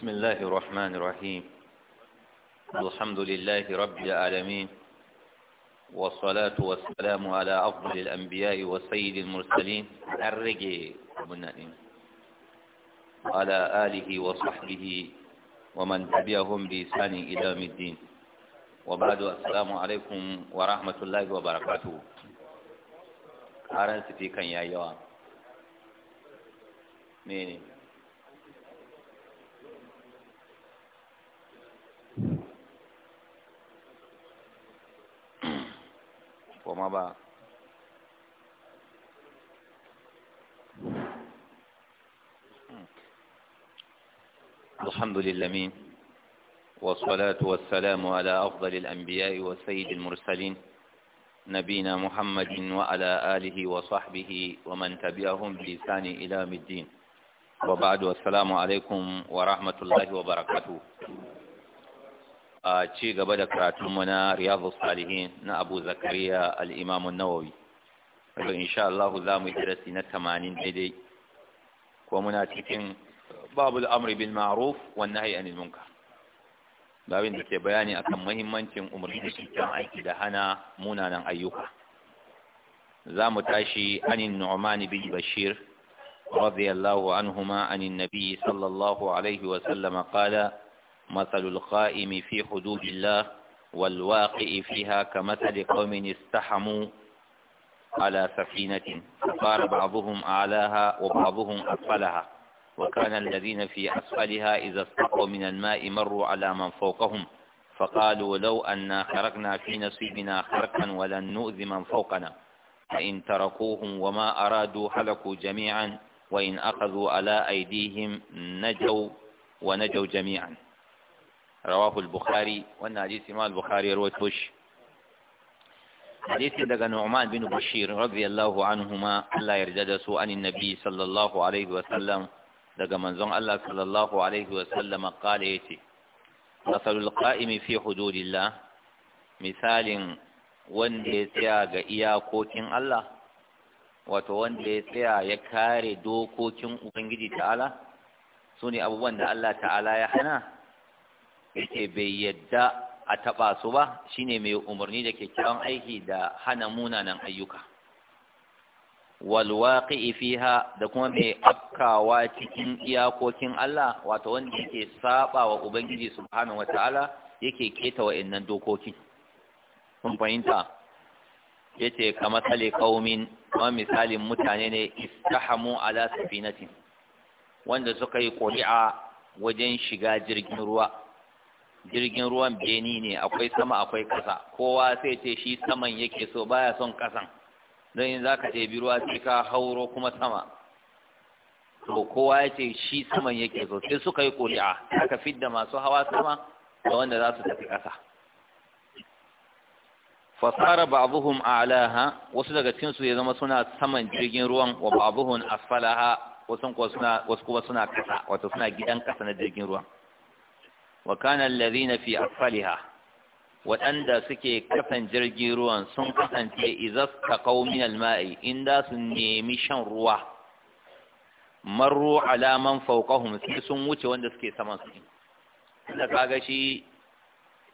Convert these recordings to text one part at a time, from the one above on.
بسم الله الرحمن الرحيم الحمد لله رب العالمين والصلاة والسلام على أفضل الأنبياء وسيد المرسلين الرجي والنائم على آله وصحبه ومن تبعهم بإسان إدام الدين وبعد السلام عليكم ورحمة الله وبركاته أرنس في كان يا يوان مينين وما بعد الحمد لله والصلاة والسلام على أفضل الأنبياء وسيد المرسلين نبينا محمد وعلى آله وصحبه ومن تبعهم بلسان إلى الدين وبعد والسلام عليكم ورحمة الله وبركاته a ci gaba da karatunmu na riyadu salihin na abu zakariya al'imamun nawawi to insha Allah za mu yi darasi na tamanin daidai ko muna cikin Babu amri bin ma'ruf wan nahyi anil munkar babin da ke bayani akan muhimmancin umarni da kyakkyawan aiki da hana munanan ayyuka za mu tashi anin nu'man bin bashir radiyallahu anhuma anin nabi sallallahu alaihi wa sallama مثل القائم في حدود الله والواقع فيها كمثل قوم استحموا على سفينة فصار بعضهم أعلاها وبعضهم أسفلها وكان الذين في أسفلها إذا استقوا من الماء مروا على من فوقهم فقالوا لو أن خرقنا في نصيبنا خرقا ولن نؤذي من فوقنا فإن تركوهم وما أرادوا حلقوا جميعا وإن أخذوا على أيديهم نجوا ونجوا جميعا rawahu al-bukhari wannan hadisi al-bukhari ya rawaito shi daga nu'man bin bashir radiyallahu anhuma Allah ya yarda da su an sallallahu alaihi wa sallam daga manzon Allah sallallahu alaihi wa sallama qala yace masalul qa'imi fi hududillah misalin wanda ya tsaya ga iyakokin Allah wato wanda ya tsaya ya kare dokokin Ubangiji ta'ala su ne abubuwan da Allah ta'ala ya hana yake bai yadda a taɓa su ba shi ne mai umarni da kyakkyawan aiki da hana munanan ayyuka walwaƙi ifiha, da kuma mai afkawa cikin iyakokin Allah wato wanda yake saba wa Ubangiji subhanahu wata'ala yake keta innan dokoki kun fahimta ce ka matsale ƙaumin kuma misalin mutane ne istahamu ala safinatin wanda suka yi ƙuri'a wajen shiga jirgin ruwa jirgin ruwan beni ne akwai sama akwai ƙasa kowa sai ce shi saman yake so baya son ƙasan don yin za ka ɗebi ruwa sai ka hauro kuma sama to kowa ya ce shi saman yake so sai suka yi ƙuri'a aka fidda masu hawa sama da wanda za su tafi ƙasa fasara ba'dhum a'laha wasu daga cikin su ya zama suna saman jirgin ruwan wa ba'dhum asfalaha wasu kuma suna ƙasa wato suna gidan ƙasa na jirgin ruwan wa kana na fi asfaliha waɗanda suke kasan jirgin ruwan sun kasance izas taqaw min alma'i in su nemi shan ruwa marru alaman man fawqahum sai sun wuce wanda suke saman su ka kaga shi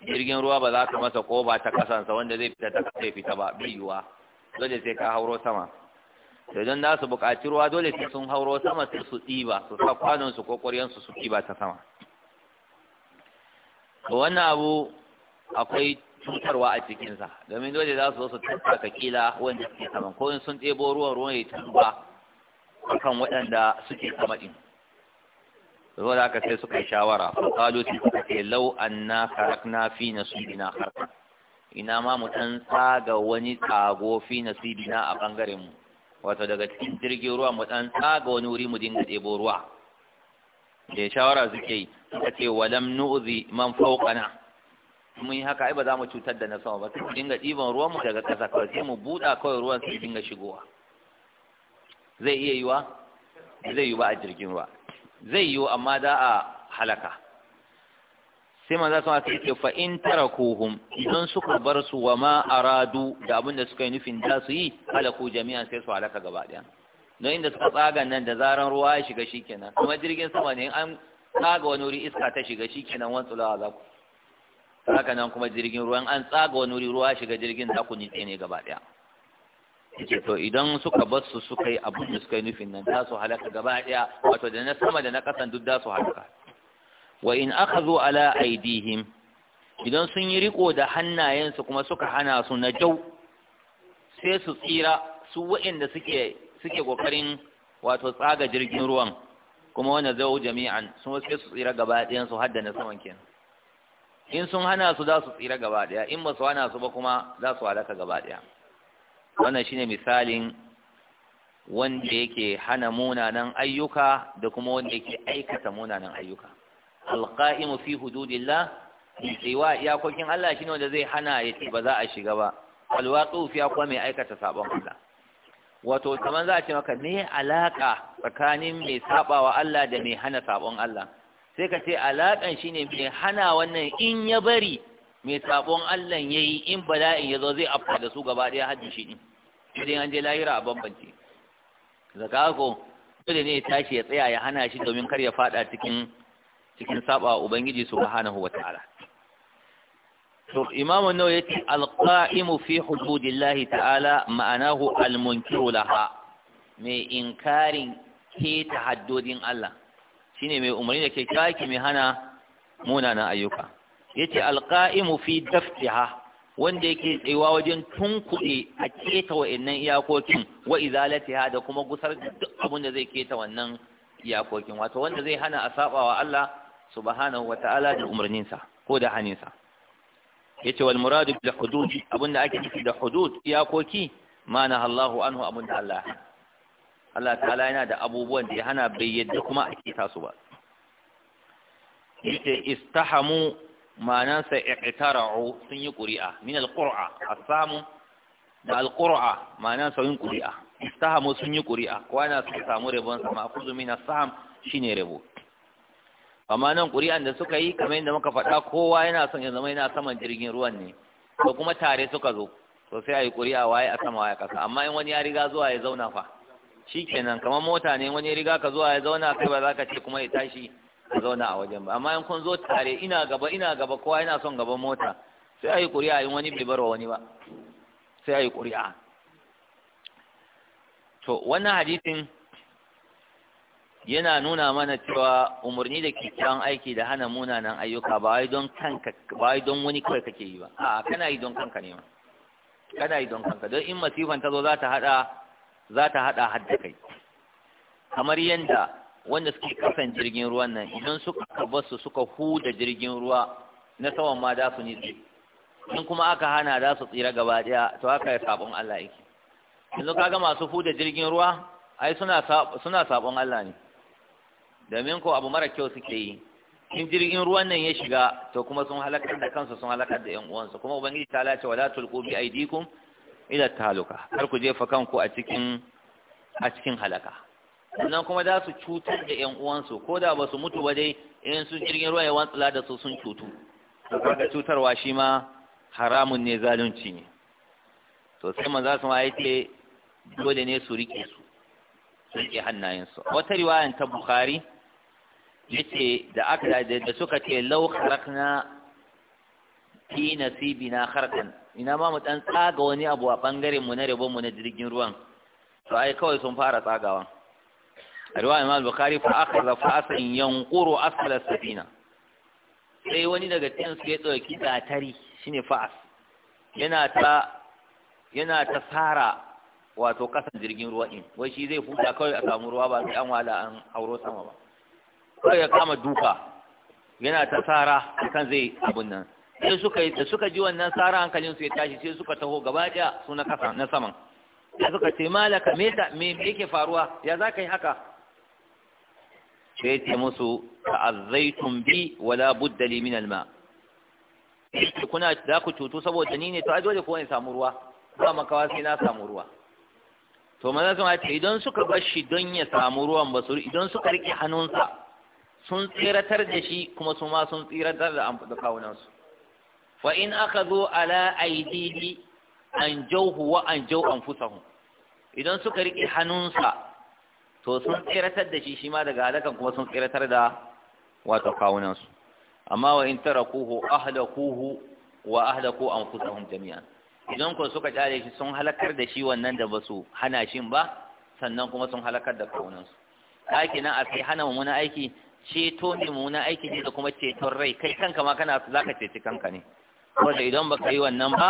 jirgin ruwa ba za ka masa ko ba ta kasansa wanda zai fita ta kasa fita ba biyuwa dole sai ka hauro sama to idan za su buƙaci ruwa dole sai sun hauro sama sai su ɗiba su sa kwanon su ko ƙwaryan su su ɗiba ta sama wannan abu akwai cutarwa a cikinsa domin dole za su zo su ka kila wanda suke saman ko in sun ɗebo ruwan ruwan ya a akan waɗanda suke sama ɗin zo da aka sai suka yi shawara ko qalu sai suka ce na karak na fi nasibina harka. ina ma mu ɗan tsaga wani tsago fi nasibina a bangaren mu wato daga cikin jirgin ruwa mu ɗan tsaga wani wuri mu dinga ɗebo ruwa da shawara suke yi suka ce walam nu'zi man fawqana mun yi haka ai ba za mu cutar da na sama ba sai dinga ɗiban ruwan mu daga ƙasa kawai sai mu buɗa kawai ruwan sai dinga shigowa zai iya yiwa zai yi ba a jirgin ruwa zai yi amma da a halaka sai manzo sama sai ce fa in tarakuhum idan suka bar su wa ma aradu da abin da suka yi nufin da su yi halaku jami'an sai su halaka gaba ɗaya no inda suka tsaga nan da zaran ruwa ya shiga shi kenan kuma jirgin sama ne an tsaga wani wuri iska ta shiga shi kenan wani tsulawa za ku haka nan kuma jirgin ruwan an tsaga wani wuri ruwa shiga jirgin za ku nitse ne gaba ɗaya yace to idan suka bar su suka yi abin da suka yi nufin nan za su halaka gaba ɗaya wato da na sama da na ƙasan duk za su halaka wa in aka zo ala aidihim idan sun yi riko da hannayensu kuma suka hana su na jau sai su tsira su waɗanda suke suke kokarin wato tsaga jirgin ruwan kuma wanda wuce jami'an sun sai su tsira gaba ɗaya su na saman kenan in sun hana su za su tsira gaba ɗaya in ba su hana su ba kuma za su halaka gaba ɗaya wannan shine misalin wanda yake hana munanan ayyuka da kuma wanda yake aikata munanan ayyuka alqa'imu fi hududillah tsayuwa iyakokin Allah shine wanda zai hana ya ce ba za a shiga ba alwaqu fi kuma mai aikata sabon Allah wato kamar za a ce maka me alaƙa tsakanin mai wa Allah da mai hana sabon Allah sai ka ce alakan shine mai hana wannan in ya bari mai sabon Allah yayi in bala'in ya zo zai afka da su gaba ɗaya hajji shi din idan an je lahira a bambance zakako dole ne ya tashi ya tsaya ya hana shi domin kar ya fada cikin cikin saba ubangiji subhanahu wataala to imamu nawa yace alqa'imu fi hududillahi ta'ala ma'anahu almunkiru laha mai inkarin ke haddodin Allah shine mai umarni da ke kaki mai hana munanan ayyuka yace alqa'imu fi daftiha wanda yake tsayuwa wajen tunkuɗe a keta wa'annan iyakokin wa izalatiha da kuma gusar da duk abin da zai keta wannan iyakokin wato wanda zai hana a sabawa Allah subhanahu da umarninsa ko da haninsa yace wal muradu bil hudud abunda ake nufi da hudud iyakoki ma na Allahu anhu abinda Allah Allah ta'ala yana da abubuwan da ya hana bai yadda kuma a kita su ba yace istahamu ma'anansa i'tara'u sun yi qur'a min al-qur'a as-samu da al-qur'a ma'anansa yin qur'a istahamu sun yi qur'a ko ana su samu rabon sama akuzu min as shine rabo amma nan ƙuri'an da suka yi kamar yadda muka faɗa kowa yana son ya zama yana saman jirgin ruwan ne to kuma tare suka zo to sai a yi ƙuri'a waye a sama waye a ƙasa amma in wani ya riga zuwa ya zauna fa shikenan kamar mota ne wani ya riga ka zuwa ya zauna kai ba za ka ce kuma ya tashi ka zauna a wajen ba amma in kun zo tare ina gaba ina gaba kowa yana son gaban mota sai a yi ƙuri'a in wani bai bar wa wani ba sai a yi ƙuri'a to wannan hadisin yana nuna mana cewa umarni da kyakkyawan aiki da hana munanan ayyuka ba wai don kanka ba wai don wani kawai kake yi ba a kana yi don kanka ne ma kana yi don kanka don in masifan ta zo za ta hada za ta hada hadda kai kamar yanda wanda suke kasan jirgin ruwan nan idan suka basu suka huda jirgin ruwa na tsawon ma da su nitsi in kuma aka hana za su tsira gaba daya to haka ya sabon Allah yake yanzu kaga masu huda jirgin ruwa ai suna suna sabon Allah ne domin ko abu mara kyau suke yi in jirgin ruwan nan ya shiga to kuma sun halakar da kansu sun halakar da yan uwansu kuma ubangiji ta lace wala tulqu bi aydikum ila taluka kar ku jefa kanku a cikin a cikin halaka sannan kuma za su cutar da yan uwansu ko da ba su mutu ba dai in sun jirgin ruwa ya wantsala da su sun cutu to kaga cutarwa shi ma haramun ne zalunci ne to sai manzo su ma yace dole ne su rike su su rike hannayensu wata riwayar ta bukhari yace da aka da da suka ce law na fi nasibina kharakan ina ma mu dan tsaga wani abu a bangaren mu na rabon mu na jirgin ruwan to ai kawai sun fara tsagawa riwaya Imam Bukhari fa akhadha fasan yanquru asfal safina sai wani daga cikin su ya dauki gatari shine fa'as yana ta yana ta fara wato kasan jirgin ruwa din wai shi zai fuka kawai a samu ruwa ba sai an wala an auro sama ba sai ya kama duka yana ta tsara kan zai abun nan sai suka da suka ji wannan tsara hankalin su ya tashi sai suka taho gaba daya su na kasa na saman sai suka ce malaka me ta me yake faruwa ya zaka yi haka sai ce musu ta'azzaitum bi wala budda li min alma kuna za ku cutu saboda ni ne to a dole ko in samu ruwa ba makawa sai na samu ruwa to maza sun ce idan suka bar shi don ya samu ruwan basu idan suka rike hannunsa sun tsiratar da shi kuma su ma sun tsiratar da kawunansu wa in aka zo ala aidihi an jauhu wa an jau an fusahu idan suka riƙe hannunsa to sun tsiratar da shi shi ma daga halakan kuma sun tsiratar da wato kawunansu amma wa in tarakuhu kuhu wa an fusahun jami'an idan kuma suka tare shi sun halakar da shi wannan da ba su hana shi ba sannan kuma sun halakar da kawunansu haki nan a sai hana mummuna aiki ceto ne muna aiki ne da kuma ceton rai kai kanka ma kana za ka ceci kanka ne wanda idan baka yi wannan ba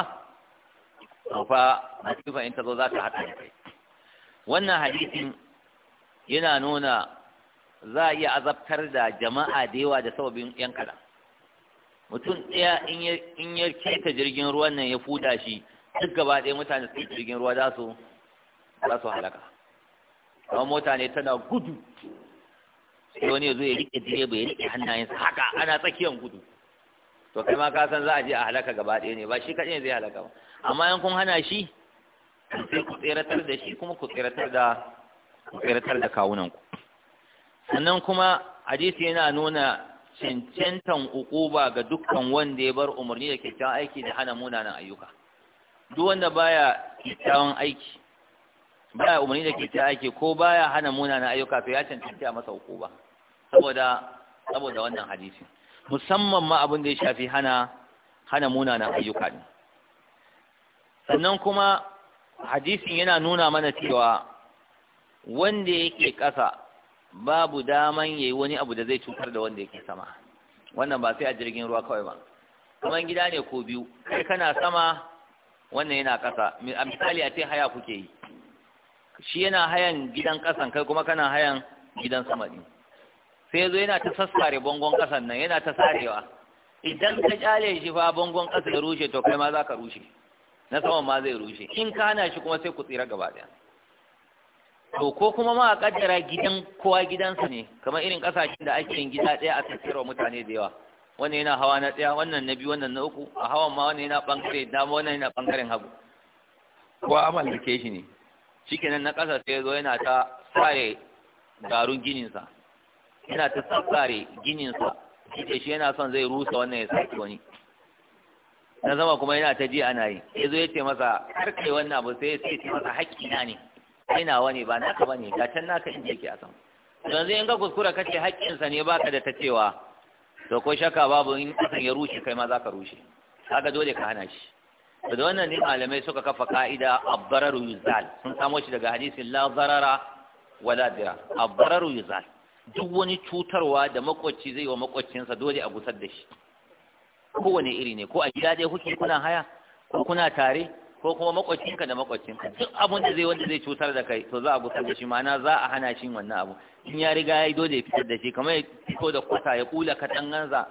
to fa masifa in ta zo za ta haɗa da kai wannan hadisin yana nuna za a iya azabtar da jama'a da yawa da sababin yan kada mutum ɗaya in ya keta jirgin ruwan nan ya fuda shi duk gaba ɗaya mutane su jirgin ruwa za su halaka kuma mota ne tana gudu sai wani ya zo ya rike direba ya riƙe hannayensa haka ana tsakiyar gudu to kai ma ka san za a je a halaka gaba ɗaya ne ba shi kaɗai zai halaka ba amma in kun hana shi sai ku tseratar da shi kuma ku tseratar da ku tseratar da kawunanku sannan kuma hadisi yana nuna cancantan ukuba ga dukkan wanda ya bar umarni da kyakkyawan aiki da hana munanan ayyuka duk wanda baya kyakkyawan aiki baya umarni da kyakkyawan aiki ko baya hana munanan ayyuka to ya cancanci a masa ukuba saboda wannan hadisi musamman ma abin da ya shafi hana hana munanan ayyuka ne sannan kuma hadisin yana nuna mana cewa wanda yake ƙasa babu daman yayi wani abu da zai cutar da wanda yake sama wannan ba sai a jirgin ruwa kawai ba Kuma gida ne ko biyu kai kana sama wannan yana ƙasa a misali a ce haya kuke yi shi yana hayan gidan ƙasan kai kuma kana hayan gidan sama ɗin sai zo yana ta sassare bangon ƙasan nan yana ta sarewa idan ka kyale shi fa bangon ƙasa ya rushe to kai ma za ka rushe na saman ma zai rushe in ka hana shi kuma sai ku tsira gaba ɗaya to ko kuma ma a ƙaddara gidan kowa gidansa ne kamar irin ƙasashen da ake yin gida ɗaya a tsakiyar mutane da yawa wannan yana hawa na ɗaya wannan na biyu wannan na uku a hawan ma wannan yana ɓangare dama wannan yana ɓangaren hagu kowa amallake shi ne shikenan na ƙasa sai zo yana ta sare garun gininsa yana ta tsakare sa ita shi yana son zai rusa wannan ya saki wani na zama kuma yana ta ji ana yi ya zo ya ce masa karkai wannan abu sai sai ce masa na ne kai nawa ne ba naka ba ne gatan naka inda yake a sama yanzu in ga kuskura kace haƙƙin sa ne baka da ta cewa to ko shaka babu in kasan ya rushe kai ma za ka rushe kaga dole ka hana shi da wannan ne malamai suka kafa ka'ida abbararu yuzal sun samo shi daga hadisin la zarara wala dira abbararu yuzal duk wani cutarwa da makwacci zai wa makwaccinsa dole a gusar da shi kowane iri ne ko a gida dai kuke kuna haya ko kuna tare ko kuma makwaccinka da makwaccinka duk abun da zai wanda zai cutar da kai to za a gusar da shi ma'ana za a hana shi wannan abu in ya riga ya yi dole ya fitar da shi kamar ya fito da kusa ya kula ganza,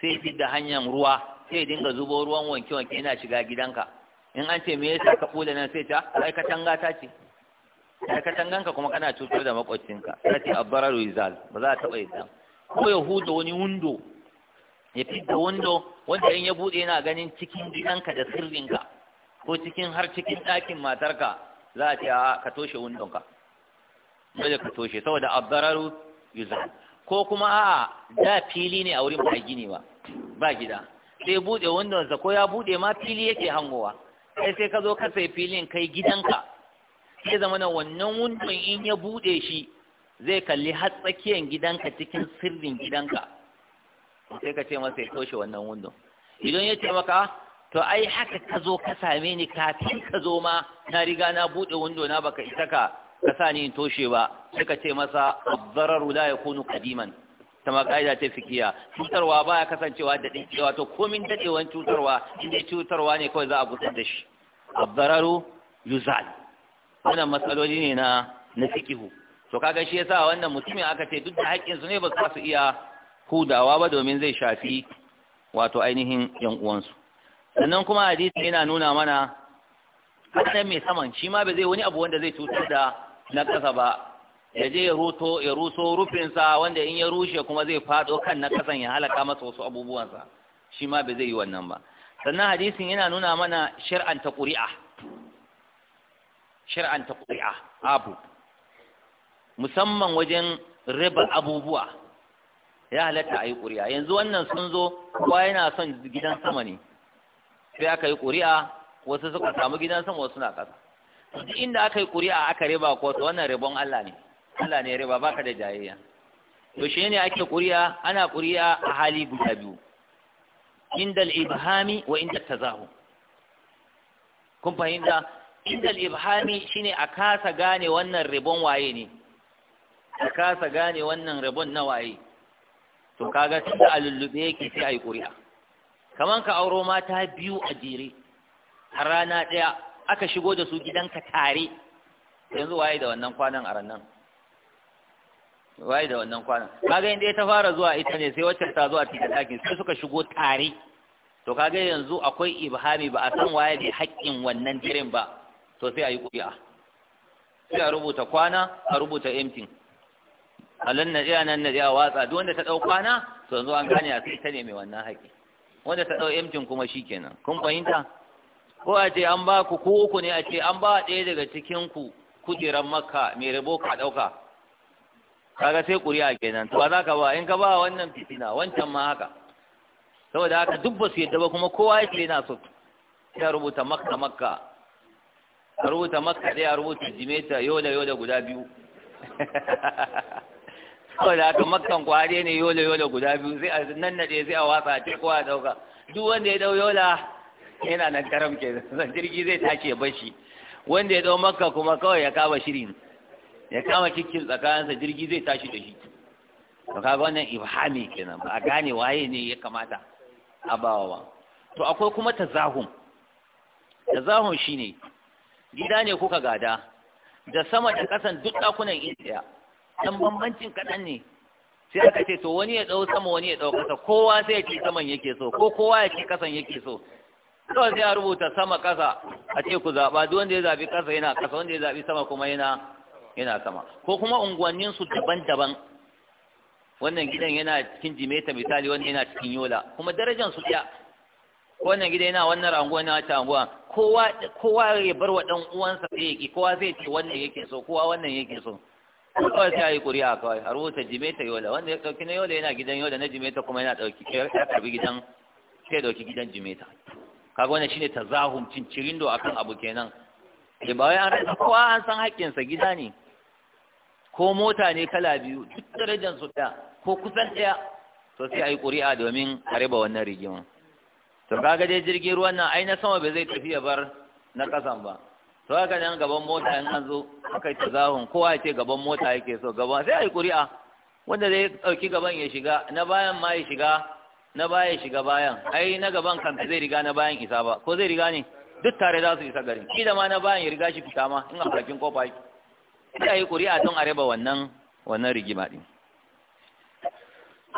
sai ya da hanyar ruwa sai ya dinga zubo ruwan wanke-wanke yana shiga gidanka in an ce me yasa ka kula nan sai ta aikatan gata ce da katanganka kuma kana cutar da makwacinka kace abbarar rizal ba za a taba yadda ko ya huda wani wundo ya fidda wundo wanda in ya bude yana ganin cikin gidanka da sirrinka ko cikin har cikin ɗakin matarka za a ce a ka toshe wundonka dole ka toshe saboda abbararu yuzal ko kuma a da fili ne a wurin ba gini ba ba gida sai bude wundonsa ko ya bude ma fili yake hangowa sai sai ka zo ka sai filin kai gidanka ya zama na wannan wundon in ya buɗe shi zai kalli har tsakiyar gidanka cikin sirrin gidanka sai ka ce masa ya toshe wannan wundon idan ya ce maka to ai haka ka zo ka same ni kafin ka zo ma na riga na buɗe wundo na baka isa ka ka sa ni toshe ba sai ka ce masa abdararu la yakunu qadiman kama ka'ida ta fikiya cutarwa baya kasancewa da cewa to komin daɗewan cutarwa inda cutarwa ne kawai za a gusar da shi abdararu yuzal wannan matsaloli ne na na fikihu to kaga shi yasa wannan mutumin aka ce duk da haƙƙin su ne ba su su iya hudawa ba domin zai shafi wato ainihin yan uwansu sannan kuma hadisi yana nuna mana hakan mai saman shi ma ba zai wani abu wanda zai cutar da na ƙasa ba ya je ya ruto ya ruso rufinsa wanda in ya rushe kuma zai faɗo kan na ƙasan ya halaka masa wasu abubuwansa shi ma ba zai yi wannan ba sannan hadisin yana nuna mana shar'anta ƙuri'a Shir'anta ƙuri'a abu musamman wajen raba abubuwa ya halatta a yi ƙuri'a yanzu wannan sun zo kowa yana son gidan sama ne sai aka yi ƙuri'a wasu suka samu gidan sama wasu na ƙasa duk inda aka yi ƙuri'a aka riba ko to wannan ribon Allah ne Allah ne riba baka da jayayya to shi ne ake ƙuri'a ana ƙuri'a a hali guda biyu inda al-ibhami wa inda tazahu kun fahimta inda shi shine a kasa gane wannan ribon waye ne a kasa gane wannan ribon na waye to kaga tun da alullube yake sai a yi ƙuri'a kamar ka auro mata biyu a jere a rana ɗaya aka shigo da su gidanka tare yanzu waye da wannan kwanan a rannan? waye da wannan kwanan kaga inda ta fara zuwa ita ne sai wacce ta zuwa cikin ɗakin sai suka shigo tare to kaga yanzu akwai ibhami ba a san waye da haƙƙin wannan jirin ba to sai a yi ƙuri'a sai a rubuta kwana a rubuta emtin halin na jiya nan na jiya watsa duk wanda ta ɗau kwana to yanzu an gane a sai ta nemi wannan haƙi wanda ta ɗau emtin kuma shi kenan kun fahimta ko a ce an ba ku ko uku ne a ce an ba ɗaya daga cikin ku kujeran makka mai rabo ka ɗauka kaga sai ƙuri'a kenan to ba za ka ba in ka ba wannan fitina wancan ma haka saboda haka duk ba su yadda ba kuma kowa ya ce yana so ya rubuta makka makka a rubuta maka ɗaya a rubuta jimeta yola yola guda biyu saboda haka makkan kware ne yola yola guda biyu sai a nan naɗe sai a watsa a cikin a ɗauka duk wanda ya ɗau yola yana nan karam ke zan jirgi zai tashi ya bashi wanda ya ɗau makka kuma kawai ya kama shirin ya kama cikin tsakaninsa jirgi zai tashi da shi to kaga wannan ibhami kenan ba a gane waye ne ya kamata a bawa ba to akwai kuma tazahum tazahum shine gida ne kuka gada da sama da ƙasan duk ɗakunan indiya dan bambancin kaɗan ne sai aka ce to wani ya ɗau sama wani ya ɗau ƙasa kowa sai ya ce saman yake so ko kowa ya ce ƙasan yake so to sai a rubuta sama ƙasa a ce ku zaba duk wanda ya zabi kasa yana ƙasa wanda ya zabi sama kuma yana yana sama ko kuma unguwannin su daban-daban wannan gidan yana cikin jimeta misali wannan yana cikin yola kuma darajar su ɗaya wannan gida yana wannan ranguwa na wata ranguwa kowa kowa ya bar wa dan uwansa da yake kowa zai ce wannan yake so kowa wannan yake so kawai sai yi kuri'a kawai a rubuta jimeta yola wanda ya dauki na yola yana gidan yola na jimeta kuma yana dauki ya karbi gidan sai dauki gidan jimeta kaga wannan shine tazahum do akan abu kenan eh ba wai an rasa kowa an san haƙƙin sa gida ne ko mota ne kala biyu duk darajar su ɗaya ko kusan ɗaya to sai ayi ƙuri'a domin a raba wannan rigima. to kaga dai jirgin ruwan nan ai na sama bai zai tafi ya bar na kasan ba to haka nan gaban mota in an zo akai tazahun kowa yake ce gaban mota yake so gaban sai ai kuri'a wanda zai dauki gaban ya shiga na bayan ma ya shiga na baya ya shiga bayan ai na gaban kan zai riga na bayan isa ba ko zai riga ne duk tare za su isa gari shi da ma na bayan ya riga shi fita ma in a kofa yake sai ai kuri'a don a raba wannan wannan rigima din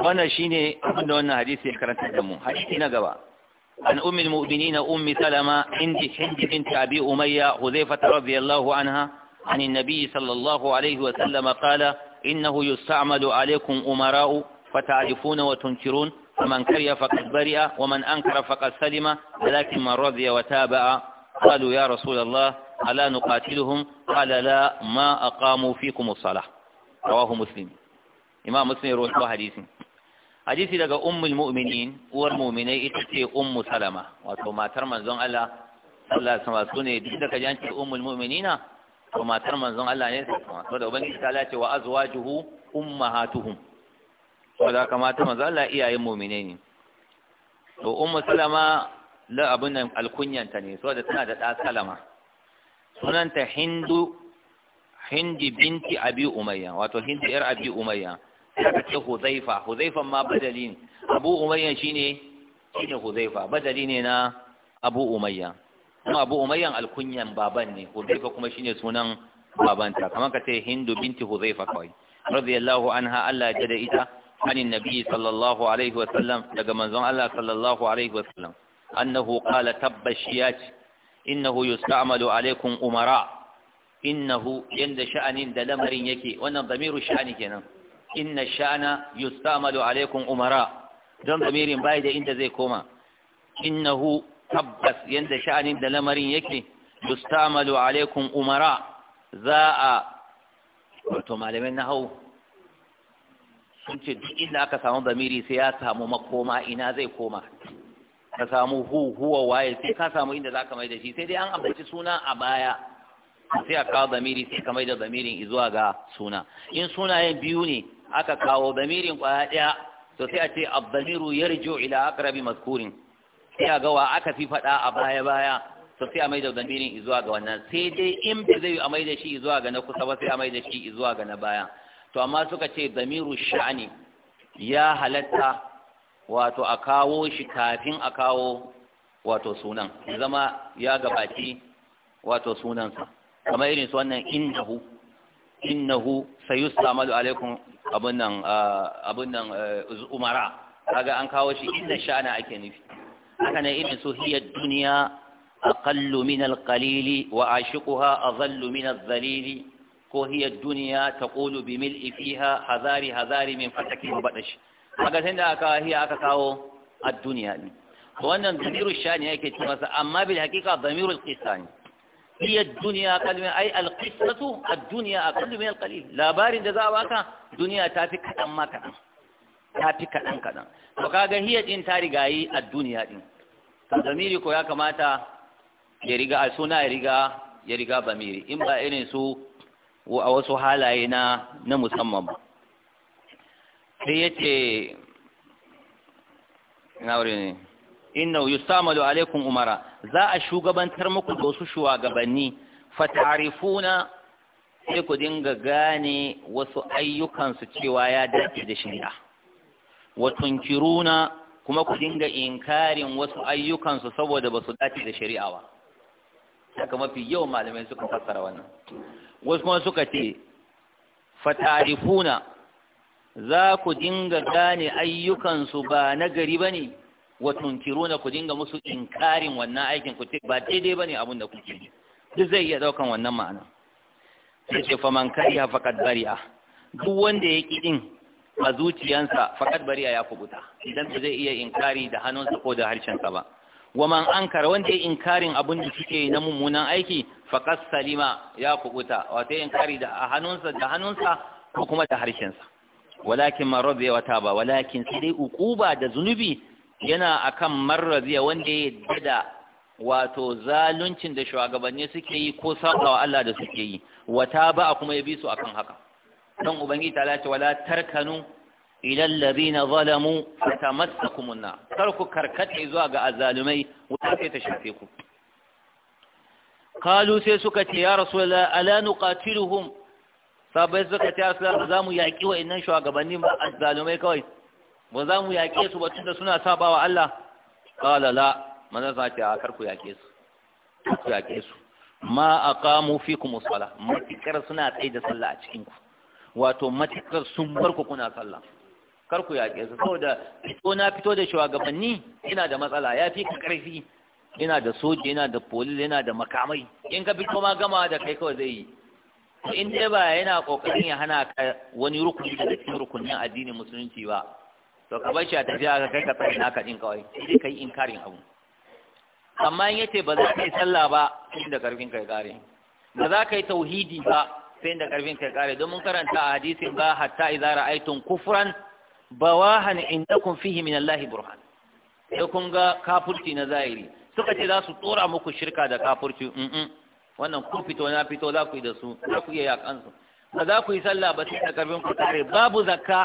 wannan shine abin da wannan hadisi ya karanta da mu hadisi na gaba عن أم المؤمنين أم سلمة هند هند بنت أبي أمية حذيفة رضي الله عنها عن النبي صلى الله عليه وسلم قال إنه يستعمل عليكم أمراء فتعرفون وتنكرون فمن كري فقد برئ ومن أنكر فقد سلم ولكن من رضي وتابع قالوا يا رسول الله ألا نقاتلهم قال لا ما أقاموا فيكم الصلاة رواه مسلم إمام مسلم يروح حديث hadisi daga ummul mu'minin uwar mu'minai ita ce ummu salama wato matar manzon Allah sallallahu alaihi wasallam sune duk da kaji an ce ummul mu'minina to matar manzon Allah ne to da ubangiji ta lace wa azwajuhu ummahatuhum kama kamata manzon Allah iyayen mu'minai ne to ummu salama la abun nan alkunyanta ne saboda tana da da salama sunanta hindu hindi binti abi umayya wato hindi yar abi umayya aka ce huzaifa huzaifan ma badali ne abu umayya shine shine huzaifa badali ne na abu umayya kuma abu umayyan alkunyan baban ne huzaifa kuma shine sunan babanta kamar ka ce hindu binti huzaifa kawai radiyallahu anha Allah ya da ita anin nabi sallallahu alaihi wa sallam daga manzon Allah sallallahu alaihi wa sallam annahu qala innahu yusta'malu alaikum umara innahu yanda sha'anin da lamarin yake wannan damiru sha'ani kenan inna sha'ana yustamalu alaikum umara don zamirin bai da inda zai koma innahu tabbas yanda sha'anin da lamarin yake yustamalu alaikum umara za a wato malamin hau. sun ce duk inda aka samu zamiri sai ya samu makoma ina zai koma ka samu hu huwa waye sai ka samu inda za ka mai da shi sai dai an ambaci suna a baya sai a kawo zamiri sai ka mai da zamirin zuwa ga suna in sunayen biyu ne aka kawo damirin kwaya ɗaya to sai a ce abdamiru yarju ila aqrabi mazkurin sai a gawa aka fi faɗa a baya baya to sai a mai da damirin zuwa ga wannan sai dai in ba zai a mai da shi zuwa ga na kusa ba sai a mai da shi zuwa ga na baya to amma suka ce damiru sha'ani ya halatta wato a kawo shi kafin a kawo wato sunan zama ya gabaci wato sunansa kamar irin su wannan innahu innahu sayuslamalu alaikum Abin nan abun nan umara kaga an kawo shi inna sha'ana ake nufi haka ne irin su hiya duniya aqallu min al wa ashiquha adhallu min adh ko hiya duniya taqulu bi mil'i fiha hazari hazari min fataki badashi kaga sai da aka hiya aka kawo ad-duniya ne wannan damirul shani yake ce masa amma bil haqiqa damirul qisani Hiyyar duniya a ƙaluben a yi alƙalusatu a duniya labarin da za a ka duniya ta fi kaɗan ma kaɗan, ta fi kaɗan kaɗan to kaga hiyyar ɗin ta riga yi a duniya to zamiri ko ya kamata suna ya riga bamiri in ba irin su a wasu halaye na musamman sai yace na aure innahu yustamalu alaikum umara za a shugabantar muku da wasu shugabanni fa ta'rifuna sai ku dinga gane wasu ayyukansu cewa ya dace da shari'a wa tunkiruna kuma ku dinga inkarin wasu ayyukansu saboda ba su dace da shari'a ba haka mafi yau malamai suka fassara wannan wasu kuma suka ce fa ta'rifuna za ku dinga gane ayyukansu ba na gari ba ne wa tunkiruna ku dinga musu inkarin wannan aikin ku ba daidai bane abin da kuke yi duk zai iya daukan wannan ma'ana sai ce faman kariya faqad bari'a duk wanda ya ki din a zuciyansa faqad bari'a ya kubuta idan ba zai iya inkari da hannunsa ko da harshensa ba wa man ankara wanda ya inkarin abin da suke na mummunan aiki faqad salima ya kubuta wato inkari da hannunsa da hannunsa ko kuma da harshensa walakin ma radiya wa taba walakin sai dai ba da zunubi yana akan marraziya wanda ya yi da wato zaluncin da shugabanni suke yi ko sabawa Allah da suke yi wata ba a kuma ya bi su akan haka don ubangiji ta lati wala tarkanu ilal ladina zalamu fatamassakum Kar ku karkata zuwa ga azalumai wata sai ta shafe ku Kalu sai suka ce ya rasulullah ala nuqatiluhum sabai suka ce za mu yaki wa innan shugabanni ba azalumai kawai ba za mu yaƙe su ba tun da suna sabawa wa Allah ƙala la manar ce a kar ku yaƙe su ku yaƙe su ma aqamu fi as-sala matikar suna tsaye da sallah a cikinku. wato matikar sun bar ku kuna sallah kar ku yaƙe su Sau da fito na fito da shugabanni ina da matsala ya fi ka ƙarfi ina da soja ina da polil ina da makamai in ka fito ma gama da kai kawai zai yi in dai ba yana kokarin ya hana ka wani rukuni da cikin rukunin addinin musulunci ba to ka bar shi a tafiya ka kai ka na naka din kawai sai kai inkarin abu amma in yace ba za ka yi sallah ba sai da karfin kai kare ba za ka yi tauhidi ba sai da karfin kai kare don mun karanta a hadisin ba hatta idza ra'aytum kufran bawahan indakum fihi min allahi burhan sai kun ga kafurci na zahiri suka ce za su tsora muku shirka da kafurci wannan ku fito na fito za ku yi da su za ku iya yakan su ba za ku yi sallah ba sai da karfin ku kare babu zakka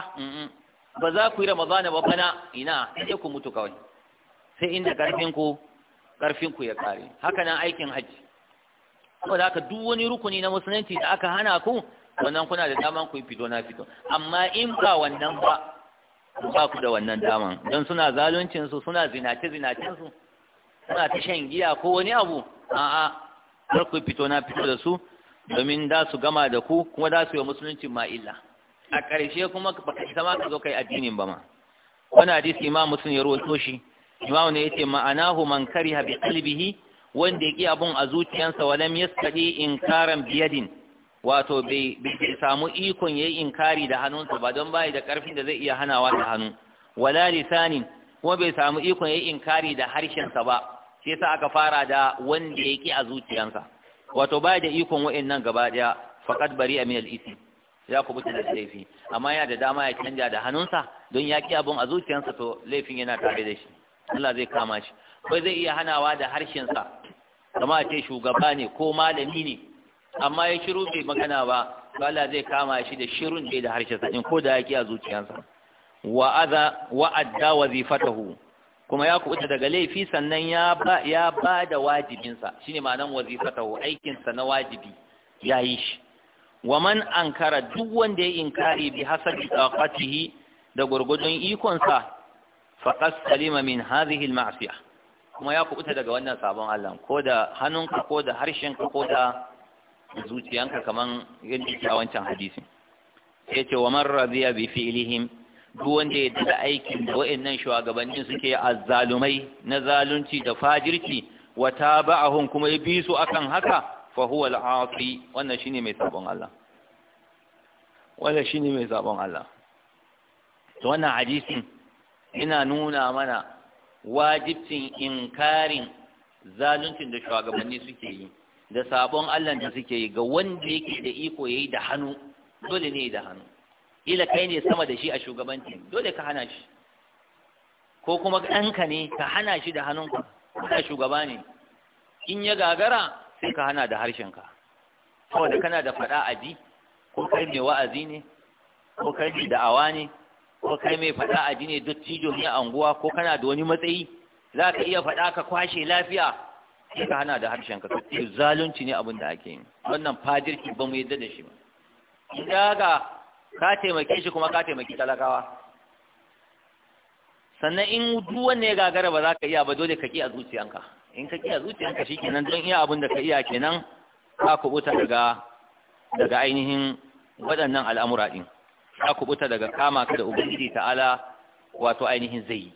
ba za ku yi ramadana ba bana ina sai ku mutu kawai sai inda karfin ku karfin ku ya kare haka nan aikin hajji. Kuma da haka duk wani rukuni na musulunci da aka hana ku wannan kuna da daman ku yi fito na fito amma in ba wannan ba ba ku da wannan daman don suna zaluncin su suna zinace zinacensu su suna ta shan giya ko wani abu a'a kar ku fito na fito da su domin da su gama da ku kuma da su yi musulunci ma illa a ƙarshe kuma ka isa ma ka zo kai addinin ba ma wani hadisi imam mutum ya rawaito shi imam ne yace ma'anahu man kariha bi qalbihi wanda yake abun a zuciyansa walam in inkaran biyadin wato bai bai samu ikon yayi inkari da hannunsa ba don bai da karfin da zai iya hanawa da hannu wala lisanin kuma bai samu ikon yayi inkari da harshensa ba shi yasa aka fara da wanda yake a zuciyansa wato bai da ikon wa'annan gaba daya faqad bari'a min al ya ku mutu da laifi amma yana da dama ya canja da hannunsa don ya ki abun a zuciyarsa to laifin yana tare da shi Allah zai kama shi ko zai iya hanawa da harshensa kama ce shugaba ne ko malami ne amma ya shiru bai magana ba to Allah zai kama shi da shirun da harshensa in ko da ya ki a zuciyarsa wa adha wa adda wazifatahu kuma ya kubuta daga laifi sannan ya ba ya ba da wajibinsa shine ma'anan wazifatahu aikinsa na wajibi ya yi shi wa man ankara duk wanda ya inkari bi hasabi taqatihi da gurgudun ikonsa faqad salima min hadhihi al-ma'siyah kuma ya kubuta daga wannan sabon Allah ko da hannunka ko da harshenka ko da zuciyanka kaman yadda ke wancan hadisi. sai ce wa man radiya bi fi'lihim duk wanda ya da aikin da wayannan shugabannin suke azzalumai na zalunci da fajirci wa taba'ahum kuma ya bi su akan haka fa huwa al-asi wannan shine mai sabon Allah wannan shine mai sabon Allah to wannan hadisin ina nuna mana wajibcin inkarin zaluncin da shugabanni suke yi da sabon Allah da suke yi ga wanda yake da iko ya yi da hannu dole ne da hannu ila kai ne sama da shi a shugabanci dole ka hana shi ko kuma ɗanka ne ka hana shi da hannunka ka shugaba ne in ya gagara sai ka hana da harshenka saboda kana da faɗa a ji ko kai mai wa'azi ne ko kai mai da'awa ne ko kai mai faɗa a ji ne duk cijo ne a unguwa ko kana da wani matsayi za ka iya faɗa ka kwashe lafiya sai ka hana da harshenka ka ce zalunci ne abin da ake yi wannan fadirki ba mu yadda da shi ba Ina ga ka taimake shi kuma ka taimaki talakawa sannan in duk wanne ya gagara ba za ka iya ba dole ka ki a zuciyanka in ka kiya ka shi kenan don iya abin da ka iya kenan ka kubuta daga daga ainihin waɗannan al'amura ɗin ka kubuta daga kama ka da ubangiji ta'ala wato ainihin zai yi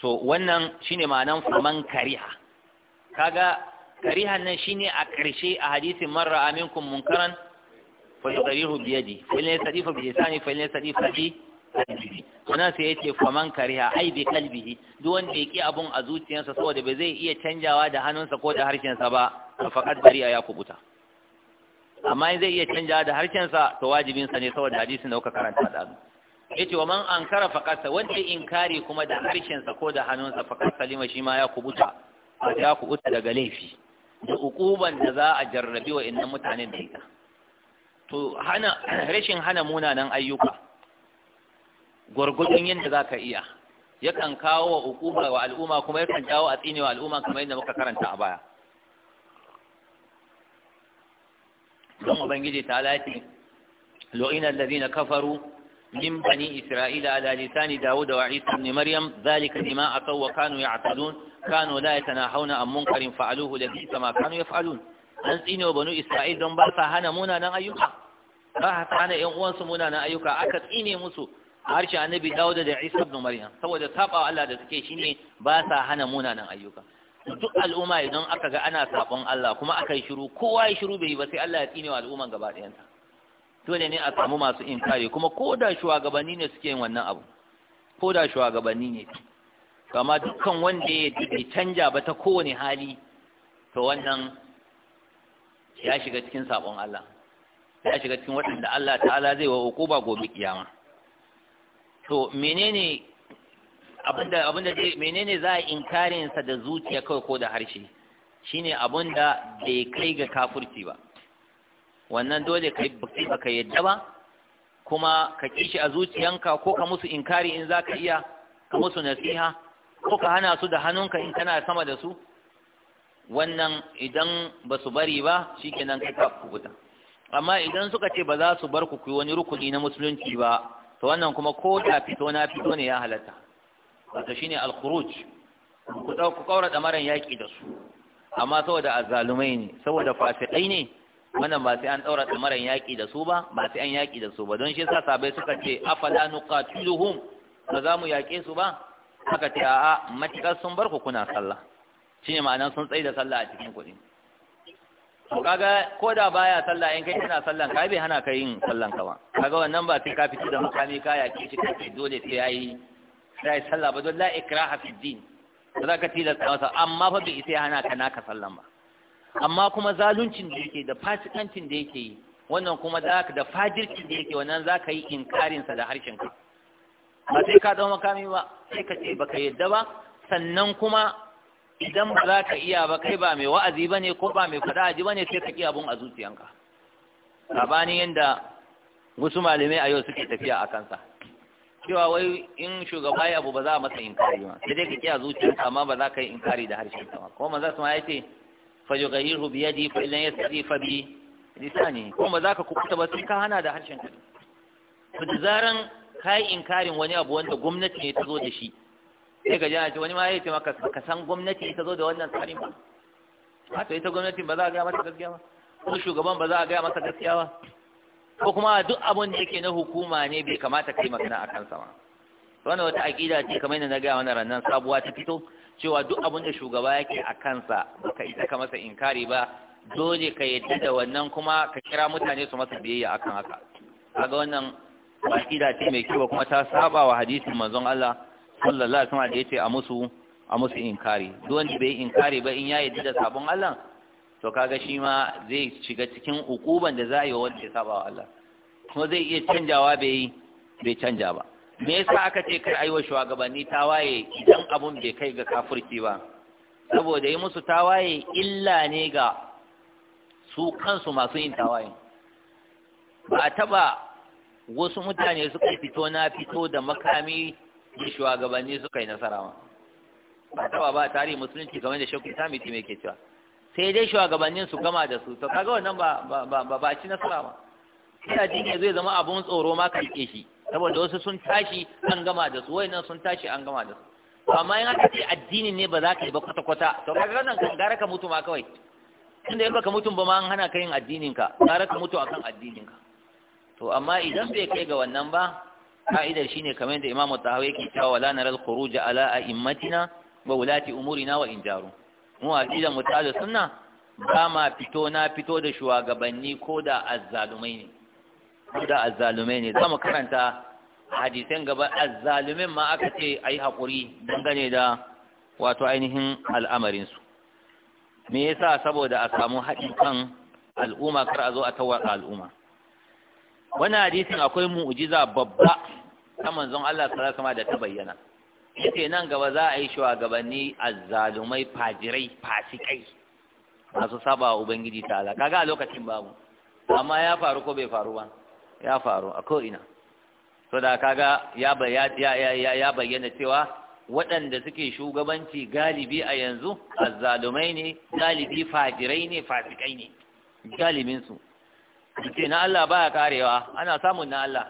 so wannan shine ma'anan faman kariha kaga karihan nan shine a ƙarshe a hadisin marra kun munkaran fa yi bi biyadi fa in yastadifa bi lisani fa bi wannan sai yace faman kariha ai bi kalbihi duk wanda yake abun a zuciyarsa saboda bai zai iya canjawa da hannunsa ko da harshensa ba faqad bari'a ya kubuta amma in zai iya canjawa da harshensa to wajibinsa ne saboda hadisin da kuka karanta da su yace wa man ankara faqad wanda inkari kuma da harshensa ko da hannunsa faqad salima shi ma ya kubuta ya kubuta daga laifi da ukuban da za a jarrabi wa innan mutanen da ita to hana rashin hana munanan ayyuka gwargwadon yadda za ka iya yakan kawo wa hukuma wa al'umma kuma yakan jawo a tsine wa al'umma kamar yadda muka karanta a baya don ubangiji ta lati lo'ina allazina kafaru min bani isra'ila ala lisani dawud wa isa ibn maryam zalika bima asaw wa kanu ya'tadun kanu la yatanahawna an munkarin fa'aluhu la bisa ma kanu yaf'alun an tsine wa banu isra'il don ba sa hana munanan ayyuka ba sa hana yan uwansu munanan ayyuka aka tsine musu harshe annabi dauda da Isa ibn Maryam saboda saba Allah da suke shine ba sa hana munanan ayyuka duk al'umma idan aka ga ana sabon Allah kuma aka yi shiru kowa ya shiru bai yi ba sai Allah ya tsine wa al'umman gaba ta. dole ne a samu masu inkari kuma ko da shugabanni ne suke yin wannan abu ko da shugabanni ne kama dukkan wanda ya canja ba ta kowane hali to wannan ya shiga cikin sabon Allah ya shiga cikin waɗanda Allah ta'ala zai wa hukuma gobe kiyama to menene abinda abinda menene za a inkarin sa da zuciya kawai ko da harshe shine abinda bai kai ga kafurci ba wannan dole kai baka yadda ba kuma ka kishi a zuciyanka ko ka musu inkari in zaka iya ka musu nasiha ko ka hana su da hannunka in kana sama da su wannan idan ba su bari ba shikenan kai ka kubuta amma idan suka ce ba za su bar ku kuyi wani rukuni na musulunci ba to wannan kuma ko da fito na fito ne ya halatta wato shine al-khuruj ku dau ku kaura yaƙi yaki da su amma saboda azzalumai ne saboda fasikai ne wannan ba sai an daura maran yaki da su ba ba sai an yaki da su ba don shi yasa sabai suka ce afala nuqatiluhum ba za mu yaƙe su ba aka ce a'a matikar sun bar ku kuna sallah shine ma'anar sun tsaye da sallah a cikin kuɗi to kaga ko da baya sallah in kai kana sallan ka bai hana ka yin sallan ka ba kaga wannan ba sai ka fito da makami ka yake shi kace dole sai yayi sai sallah ba dole la ikraha fi din ba ka tilasta masa amma fa bai sai hana ka naka sallan ba amma kuma zaluncin da yake da fasikancin da yake yi wannan kuma da da fajircin da yake wannan za ka yi inkarin sa da harshen ka ba sai ka dawo makami ba sai ka ce baka yadda ba sannan kuma idan ba za ka iya ba kai ba mai wa'azi ba ne ko ba mai faɗa aji ba ne sai ka ƙi bin a zuciyanka bani yadda wasu malamai a yau suke tafiya a kansa cewa wai in shugaba ya abu ba za a masa inkari ba sai dai ka ƙi a zuciyarka amma ba za ka yi inkari da harshen kama. ko kuma maza su ma ya ce fajugayiru biyadi fa ilan yasri fa bi lisani kuma ba za ka kukuta ba sai ka hana da harshen ka Ku da zaran in inkarin wani abu wanda gwamnati ne ta zo da shi sai ka jana ce wani ma ya ce maka ka san gwamnati ita zo da wannan tsarin ba wato ita gwamnatin ba za a gaya masa gaskiya ba ko shugaban ba za a gaya masa gaskiya ba ko kuma duk abin da yake na hukuma ne bai kamata ka yi magana a kansa ba wannan wata aƙida ce kamar yadda na gaya wani rannan sabuwa ta fito cewa duk abin da shugaba yake a kansa ba ka isa ka masa inkari ba dole ka yadda da wannan kuma ka kira mutane su masa biyayya akan haka kaga wannan aƙida ce mai kyau kuma ta saba wa hadisin manzon Allah sallallahu alaihi wasallam da yace a musu a musu inkari duk wanda bai inkari ba in ya yi da sabon Allah to kaga shi ma zai shiga cikin ukuban da za a yi wanda ya saba wa Allah kuma zai iya canjawa bai bai canja ba me yasa aka ce kar ayi wa shugabanni tawaye idan abun bai kai ga kafirci ba saboda yi musu tawaye illa ne ga su kansu masu yin tawaye ba a taba wasu mutane suka fito na fito da makami da shugabanni suka yi nasara ma ba taba ba tarihi musulunci game da shakku sami mai ke cewa sai dai shugabannin su gama da su to kaga wannan ba ba ba ci nasara ma ina jin zai zama abun tsoro ma ka rike shi saboda wasu sun tashi an gama da su wayannan sun tashi an gama da su amma in aka ce addini ne ba za ka yi ba kwata kwata to kaga wannan gara ka mutu ma kawai tunda in baka mutum ba ma an hana ka yin addinin ka gara ka mutu akan addinin ka to amma idan bai kai ga wannan ba ka'idar shine kamar da imamu tahawi yake cewa wala naral khuruj ala a'immatina wa ulati umurina wa injaru mu aqidan mutalu sunna ba ma fito na fito da shugabanni ko da azzalumai ne ko da azzalumai ne zamu karanta hadisan gaba azzalumin ma aka ce ai hakuri dangane da wato ainihin al'amarin su me yasa saboda a samu haɗin kan al'umma kar a zo a tawaka al'umma Wani hadisin akwai mu'jiza babba ta manzon Allah sallallahu alaihi da ta bayyana yace nan gaba za a yi shugabanni azzalumai fajirai fasikai masu saba wa ubangiji ta'ala kaga a lokacin babu amma ya faru ko bai faru ba ya faru a ko ina to da kaga ya ya bayyana cewa waɗanda suke shugabanci galibi a yanzu azzalumai ne galibi fajirai ne fasikai ne su ce na Allah ba ya karewa ana samun na Allah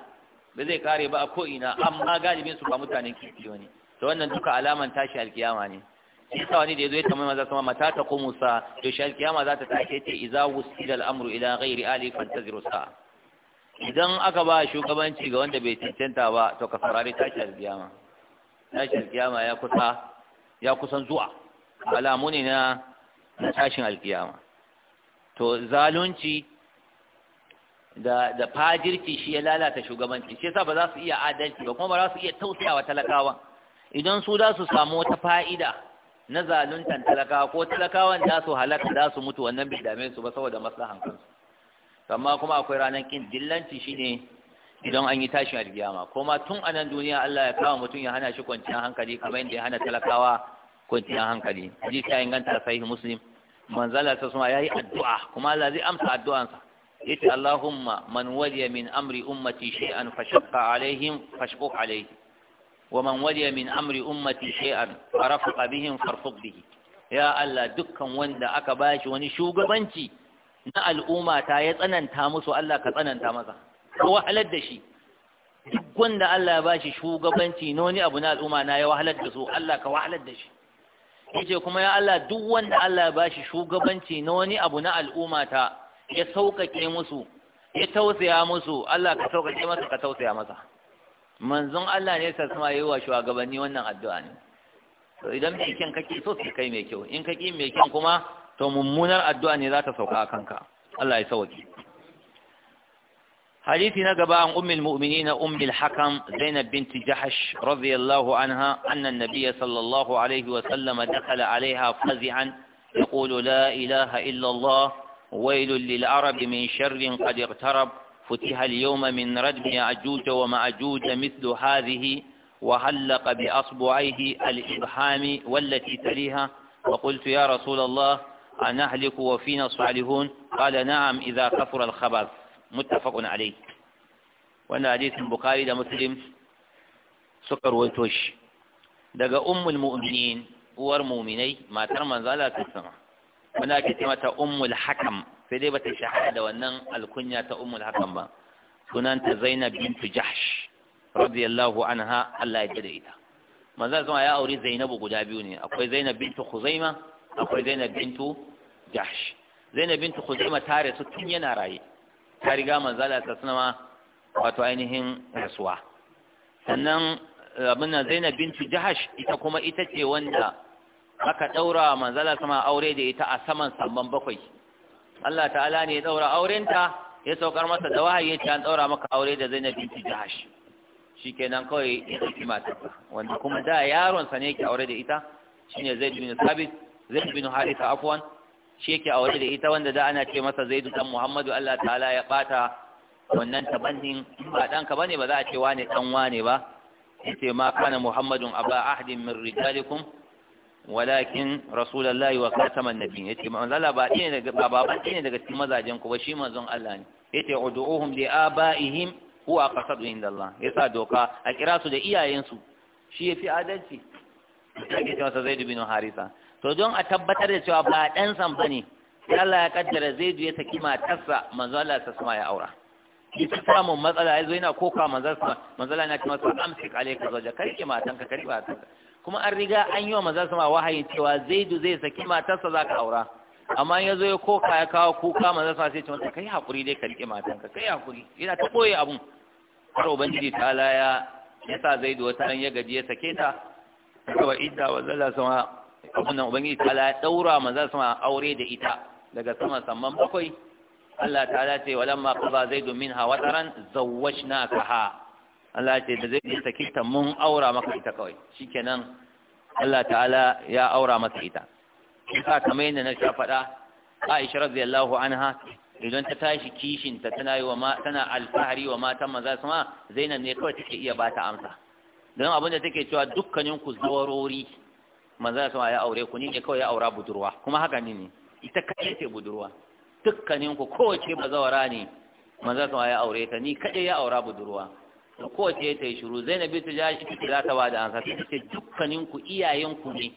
ba zai kare ba a ko'ina amma galibin su ba mutanen kirki ne. to wannan duka alaman tashi alkiyama ne shi sa wani da ya zo ya tambayi maza sama mata ta ko musa to shi alkiyama za ta tashi ce iza wusila al'amru ila ghairi ali fantaziru sa idan aka ba shugabanci ga wanda bai cancanta ba to ka farare tashi alkiyama tashi alkiyama ya kusa ya kusan zuwa alamu ne na tashin alkiyama to zalunci da da fajirci shi ya lalata shugabanci shi yasa ba za su iya adalci ba kuma ba za su iya tausayawa talakawa idan su za su samu wata fa'ida na zaluntan talakawa ko talakawan da su halaka da su mutu wannan bai dame su ba saboda maslahan kansu amma kuma akwai ranar kin dillanci shine idan an yi tashin alkiyama kuma tun a nan duniya Allah ya kawo mutum ya hana shi kwanciyar hankali kamar yadda ya hana talakawa kwanciyar hankali hadisi ya inganta sahihi muslim manzala ta suma yayi addu'a kuma Allah zai amsa addu'ansa yace Allahumma man waliya min amri ummati shay'an fashaqqa alaihim fashquq alayhi wa man waliya min amri ummati shay'an farafqa bihim farfuq bihi ya Allah dukkan wanda aka bashi wani shugabanci na al'umma ta ya tsananta musu Allah ka tsananta masa ko wahalar da shi duk wanda Allah ya bashi shugabanci na wani abu na al'umma na ya wahalar da su Allah ka wahalar da shi yace kuma ya Allah duk wanda Allah ya bashi shugabanci na wani abu na al'umma ta ya sauƙaƙe musu ya tausaya musu Allah ka sauƙaƙe masa ka tausaya masa manzon Allah ne sassama yayi wa shugabanni wannan addu'a ne to idan mai kyan kake so sai kai mai kyau in ka mai kyan kuma to mummunar addu'a ne za ta sauka a kanka Allah ya sauke حديث نقبا عن أم المؤمنين أم الحكم زينب بنت جحش رضي الله عنها أن النبي صلى الله عليه وسلم دخل عليها فزعا يقول لا إله إلا الله ويل للعرب من شر قد اقترب فتح اليوم من ردم أجوج ومأجوج مثل هذه وهلق بأصبعيه الإبحام والتي تليها وقلت يا رسول الله أنهلك وفينا صالحون قال نعم إذا كفر الخبر متفق عليه وانا حديث البخاري ده مسلم سكر وتوش ده أم المؤمنين uwar ما matar manzala ta sama wani ake ce mata ummul hakam sai dai bata shahara da wannan alkunya ta ummul hakam ba sunanta zainab bintu jahsh radiyallahu anha Allah ya jira ita manzo sama ya aure zainabu guda biyu ne akwai zainab bintu khuzaima akwai zainab bintu jahsh zainab bintu khuzaima ta rasu tun yana raye ta riga manzo Allah ta sanama wato ainihin rasuwa sannan abin nan zainab bintu jahash ita kuma ita ce wanda aka ɗaura wa manzala sama aure da ita a saman samban bakwai Allah ta'ala ne ya ɗaura aurenta ya saukar masa da wahayi ya an ɗaura maka aure da Zainab binti Jahash shikenan kawai ya dauki matarsa wanda kuma da yaron sa ne yake aure da ita shine Zaid bin Thabit Zaid bin Haritha afuwan, shi yake aure da ita wanda da ana ce masa Zaid ɗan Muhammadu Allah ta'ala ya ɓata wannan tabannin ba danka bane ba za a ce wane ɗan wane ba yace ma kana Muhammadun aba ahdin min rijalikum walakin rasulullahi wa khataman nabi yace manzo Allah ba ɗaya daga ba baban ɗaya daga cikin mazajen ku ba shi manzon Allah ne yace ud'uhum li abaihim huwa qasadu inda Allah yasa doka a kira su da iyayen su shi yafi adalci yake cewa sa Zaid bin Harisa to don a tabbatar da cewa ba dan san bane sai Allah ya kaddara Zaid ya saki matarsa manzon Allah sa sama ya aura ita samu matsala ya zo yana koka manzon Allah na ce masa amsik alayka zawja karki matanka karki matanka kuma an riga an yi wa maza sama wahayi cewa zaidu zai saki matarsa za ka aura amma ya zo ya koka ya kawo kuka maza sama sai ce mata kai haƙuri dai ka riƙe matanka kai haƙuri yana ta ɓoye abun har ubangiji ta laya ya sa zaidu wata an ya gaji ya sake ta kawai idda wa zalla sama abun nan ubangiji ta laya ya ɗaura maza sama aure da ita daga sama samman bakwai Allah ta ala ce walamma qada zaidu minha wataran ha Allah ce da zai yi sakinta mun aura maka ita kawai kenan Allah ta'ala ya aura maka ita kisa kamar yadda na sha faɗa Aisha radiyallahu anha idan ta tashi kishinta ta tana yi wa tana alfahari wa matan maza ma Zainab ne kawai take iya bata amsa don abin da take cewa dukkanin ku zawarori maza ma ya aure ku ni ne kawai ya aura budurwa kuma haka ne ne ita kaɗai ce budurwa dukkanin ku kowace bazawara ne maza ma ya aure ta ni kaɗai ya aura budurwa da kowace ta yi shiru na ta ja ita za ta bada ansa ta ce dukkanin ku iyayen ku ne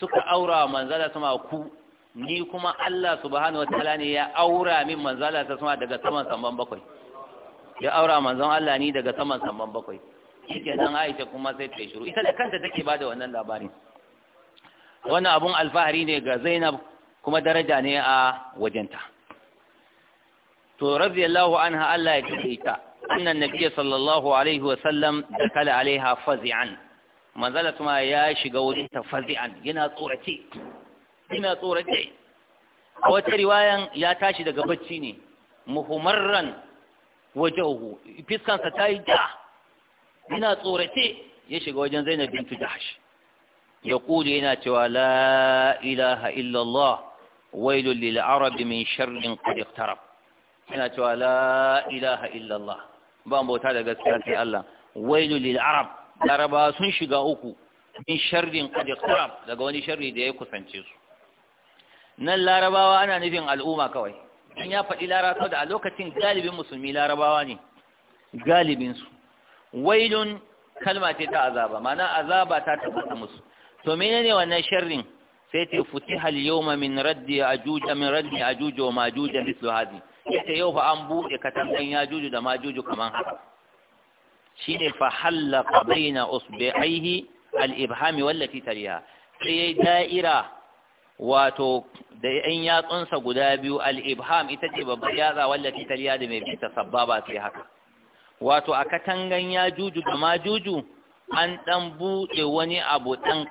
suka aura wa manzala sama ku ni kuma Allah subhanahu wataala ne ya aura min manzala ta sama daga saman samban bakwai ya aura manzon Allah ni daga saman samban bakwai shike nan Aisha kuma sai ta yi shiru ita da kanta take bada wannan labarin wannan abun alfahari ne ga Zainab kuma daraja ne a wajenta to radiyallahu anha Allah ya ce ita أن النبي صلى الله عليه وسلم دخل عليها فزعا ما زالت ما ياشي قولت فزعا ينا صورتي ينا صورتي wata riwayan ya tashi daga bacci ne muhimmarran wajahu fiskansa ta yi ja ina tsorace ya shiga wajen zainab bintu jahsh ya kuje yana cewa la ilaha illallah wailul lil arabi min sharrin qad iqtarab yana cewa la ilaha illallah ba bauta da gaskiya sai Allah wailu lil arab sun shiga uku min sharrin qad qarab daga wani sharri da ya kusance su nan larabawa ana nufin al'umma kawai in ya faɗi larabawa da a lokacin galibin musulmi larabawa ne galibin su wailun kalma ce ta azaba ma'ana azaba ta tabbata musu to menene wannan sharrin sai ta futiha al-yawma min raddi ajuj min raddi ajuj wa majuj mislu hadhihi ya yau fa an buɗe katangan ya juju da ma juju kamar haka shi ne fa hallaka baina usbi'aihi al-ibhami wallati tariha sai yayi da'ira wato da yan yatsunsa guda biyu al ita ce babbar yatsa wallati tariha da mai bita sababa sai haka wato a katangan ya juju da ma juju an ɗan buɗe wani abu dan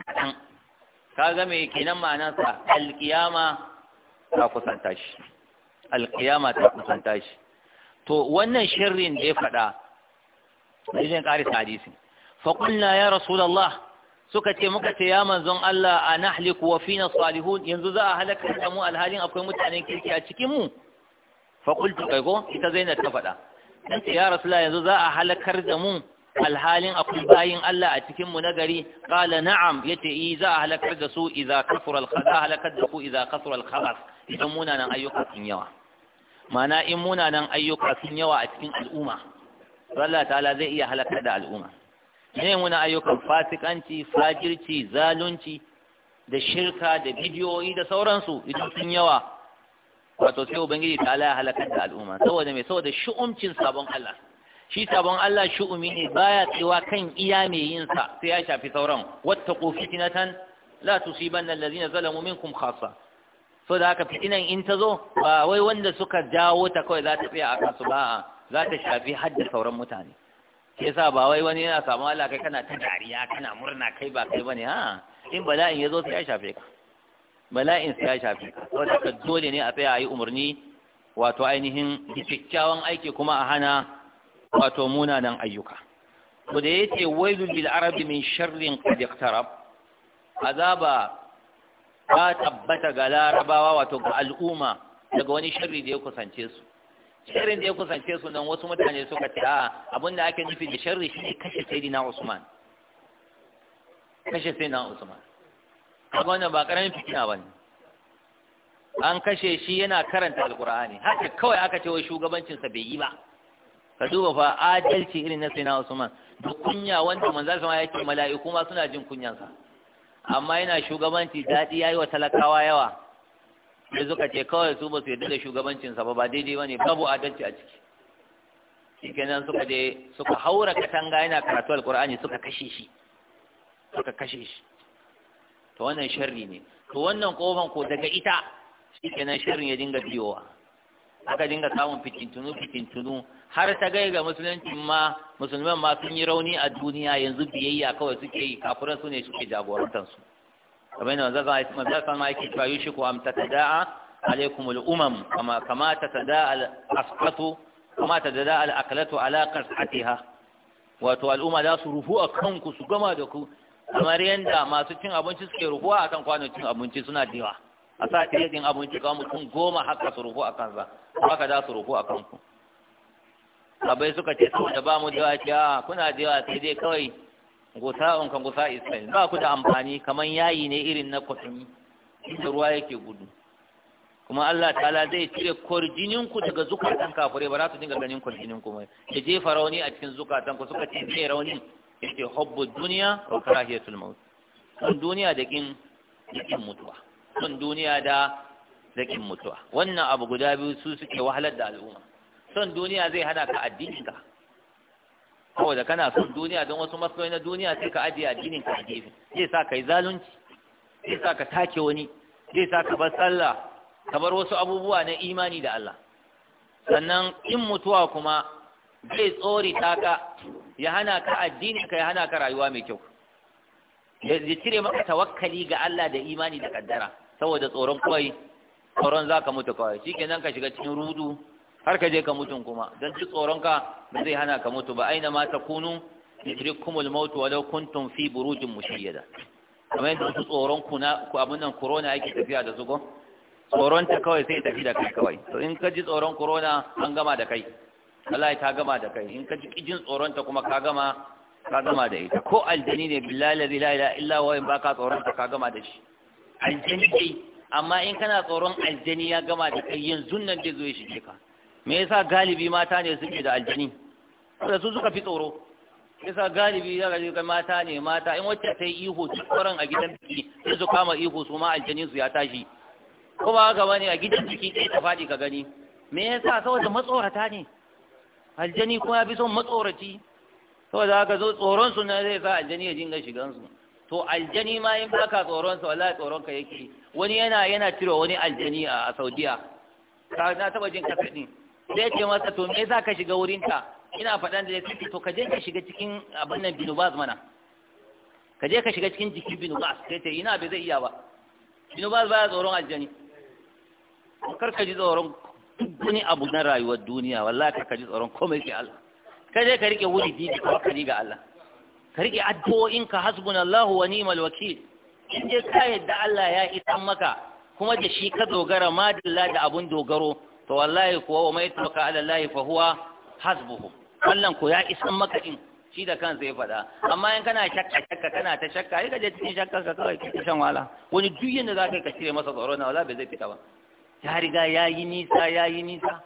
kaɗan ga mai kenan ma'anarsa alkiyama ta kusanta shi alkiyama ta kusanta shi to wannan shirin da ya faɗa zai ƙarisa hadisi. faƙulna ya rasulallah suka ce muka ce ya manzon Allah a nahliku wa fina salihun yanzu za a halaka da mu alhalin akwai mutanen kirki a cikin mu faƙultu kai ko ita zainab ta faɗa dan ce ya rasulullah yanzu za a halakar da mu alhalin akwai bayin Allah a cikin mu nagari qala na'am yace eh za a halakar da su idza kafara al-khabath halakar da ku idza kafara al-khabath idan munanan ayyuka sun yawa mana in munanan ayyuka sun yawa a cikin al'umma Allah ta'ala zai iya halakar da al'umma ne muna ayyukan fasikanci fajirci zalunci da shirka da bidiyoyi da sauransu idan sun yawa wato sai ubangiji ta ya halakar da al'umma saboda mai saboda shu'umcin sabon Allah shi sabon Allah shu'umi ne baya tsewa kan iya mai yin sa sai ya shafi sauran wattaqu fitnatan la tusibanna allazina zalamu minkum khassa so da haka fitinan in ta zo ba wai wanda suka jawo ta kawai za ta tsaya a kansu ba za ta shafi hadda sauran mutane ke sa ba wai wani yana samu ala kai kana ta dariya kana murna kai ba kai bane ha in bala'in ya zo sai ya shafe ka bala'in sai ya shafe ka so da haka dole ne a tsaya a yi umarni wato ainihin kyakkyawan aiki kuma a hana wato munanan ayyuka to da yace wailul lil arabi min sharrin qad iqtarab azaba ba tabbata ga larabawa wato ga al'umma daga wani shirin da ya kusance su Shirin da ya kusance su nan wasu mutane suka ce a abin da ake nufi da shirin shi ne kashe na Usman kashe na Usman kaga wannan ba karamin fitina ba ne. an kashe shi yana karanta alkur'ani haka kawai aka ce wai shugabancin sa bai yi ba ka duba fa adalci irin na na Usman da kunya wanda manzo sama yake mala'iku ma suna jin kunyansa amma yana shugabanci daɗi ya yi wa talakawa yawa da suka ce kawai su ba su yarda da shugabancinsa ba ba daidai ba ne babu adalci a ciki shi kenan suka je suka haura katanga yana karatu alkur'ani suka kashe shi suka kashe shi to wannan sharri ne to wannan kofan ko daga ita shi kenan sharrin ya dinga biyowa aka dinga samun fitintunu fitintunu har ta gai ga musulunci ma musulman ma sun yi rauni a duniya yanzu biyayya kawai suke yi kafiran su ne suke jagorantar su kamar yadda manzo manzo kan ma yake cewa yushiku am tatada'a alaikum al-umam kama kama tatada'a al-asqatu kama tatada'a al-aqlatu ala qas'atiha wato al'umma za su rufu a kanku su gama da ku kamar yadda masu cin abinci suke rufuwa akan kwanon cin abinci suna da a sa tiredin abinci ga mutum goma haka su rufu a kansa ka za su rufu a kanku abai suka ce saboda ba mu da yawa ah, kuna da yawa sai dai kawai gusa gusa'un ka gusa isra'il ba ku da amfani kamar yayi ne irin na kwatami da ruwa yake gudu kuma Allah ta'ala zai cire kwarjinin ku daga zukatan kafure ba za su dinga ganin kwarjinin ku mai ya jefa rauni a cikin zukatan ku suka ce ne rauni ce hubbu duniya wa karahiyatul Kan duniya da kin mutuwa son duniya da zakin mutuwa wannan abu guda biyu su suke wahalar da al'umma son duniya zai hana ka addininka kawai da kana son duniya don wasu matsaloli na duniya sai ka ajiye addinin ka a gefe zai sa ka yi zalunci zai sa ka take wani zai sa ka bar sallah ka bar wasu abubuwa na imani da Allah sannan in mutuwa kuma zai tsori taka ya hana ka addini ka ya hana ka rayuwa mai kyau ya cire maka tawakkali ga Allah da imani da kaddara saboda tsoron kwai tsoron za ka mutu kawai shi kenan ka shiga cikin rudu har ka je ka mutu kuma don ci tsoron ka ba zai hana ka mutu ba aina ma ta kunu kuma maut wadau kuntun fi burujin mushayyada kamar yadda wasu tsoron ku na ku abin nan corona yake tafiya da zugo tsoron ta kawai sai tafi da kai kawai to in ka ji tsoron corona an gama da kai Allah ta gama da kai in ka ji kijin tsoron ta kuma ka gama ka gama da ita ko aljani ne billahi la ilaha illa huwa in baka tsoron ta ka gama da shi aljani dai amma in kana tsoron aljani ya gama da kai yanzu nan zai zo ya shige ka me yasa galibi mata ne suke da aljani saboda su suka fi tsoro Me yasa galibi ya ga mata ne mata in wacce ta yi ihu tsoron a gidan biki sai su kama ihu su ma aljani su ya tashi ko ba haka bane a gidan biki ɗaya ta faɗi ka gani me yasa saboda matsorata ne aljani kuma ya fi son matsoraci saboda haka zo tsoron su ne zai sa aljani ya dinga shigan su to aljani ma in baka tsoron sa wallahi tsoron ka yake wani yana yana cire wani aljani a Saudiya ka na taba jin kasa din sai ce masa to me zaka shiga wurin ta ina faɗan da sai to ka je ka shiga cikin abin nan binu baz mana ka je ka shiga cikin jikin binu baz sai ce ina bai zai iya ba binu baz baya tsoron aljani kar ka ji tsoron duk wani abu na rayuwar duniya wallahi kar ka ji tsoron komai sai Allah ka je ka rike wuri bibi ka ga Allah ka riƙe addu'o'inka hasbunallahu wa ni'mal wakil in dai ka yadda Allah ya isan maka kuma da shi ka dogara madalla da abun dogaro to wallahi kuwa wa mai tabbaka ala Allah fa huwa hasbuhu wannan ko ya isan maka din shi da kan ya faɗa amma in kana shakka shakka kana ta shakka ai je cikin shakka ka kawai ka shan wala wani duk yanda za ka cire masa tsoro na wala bai zai fita ba ya riga ya yi nisa ya yi nisa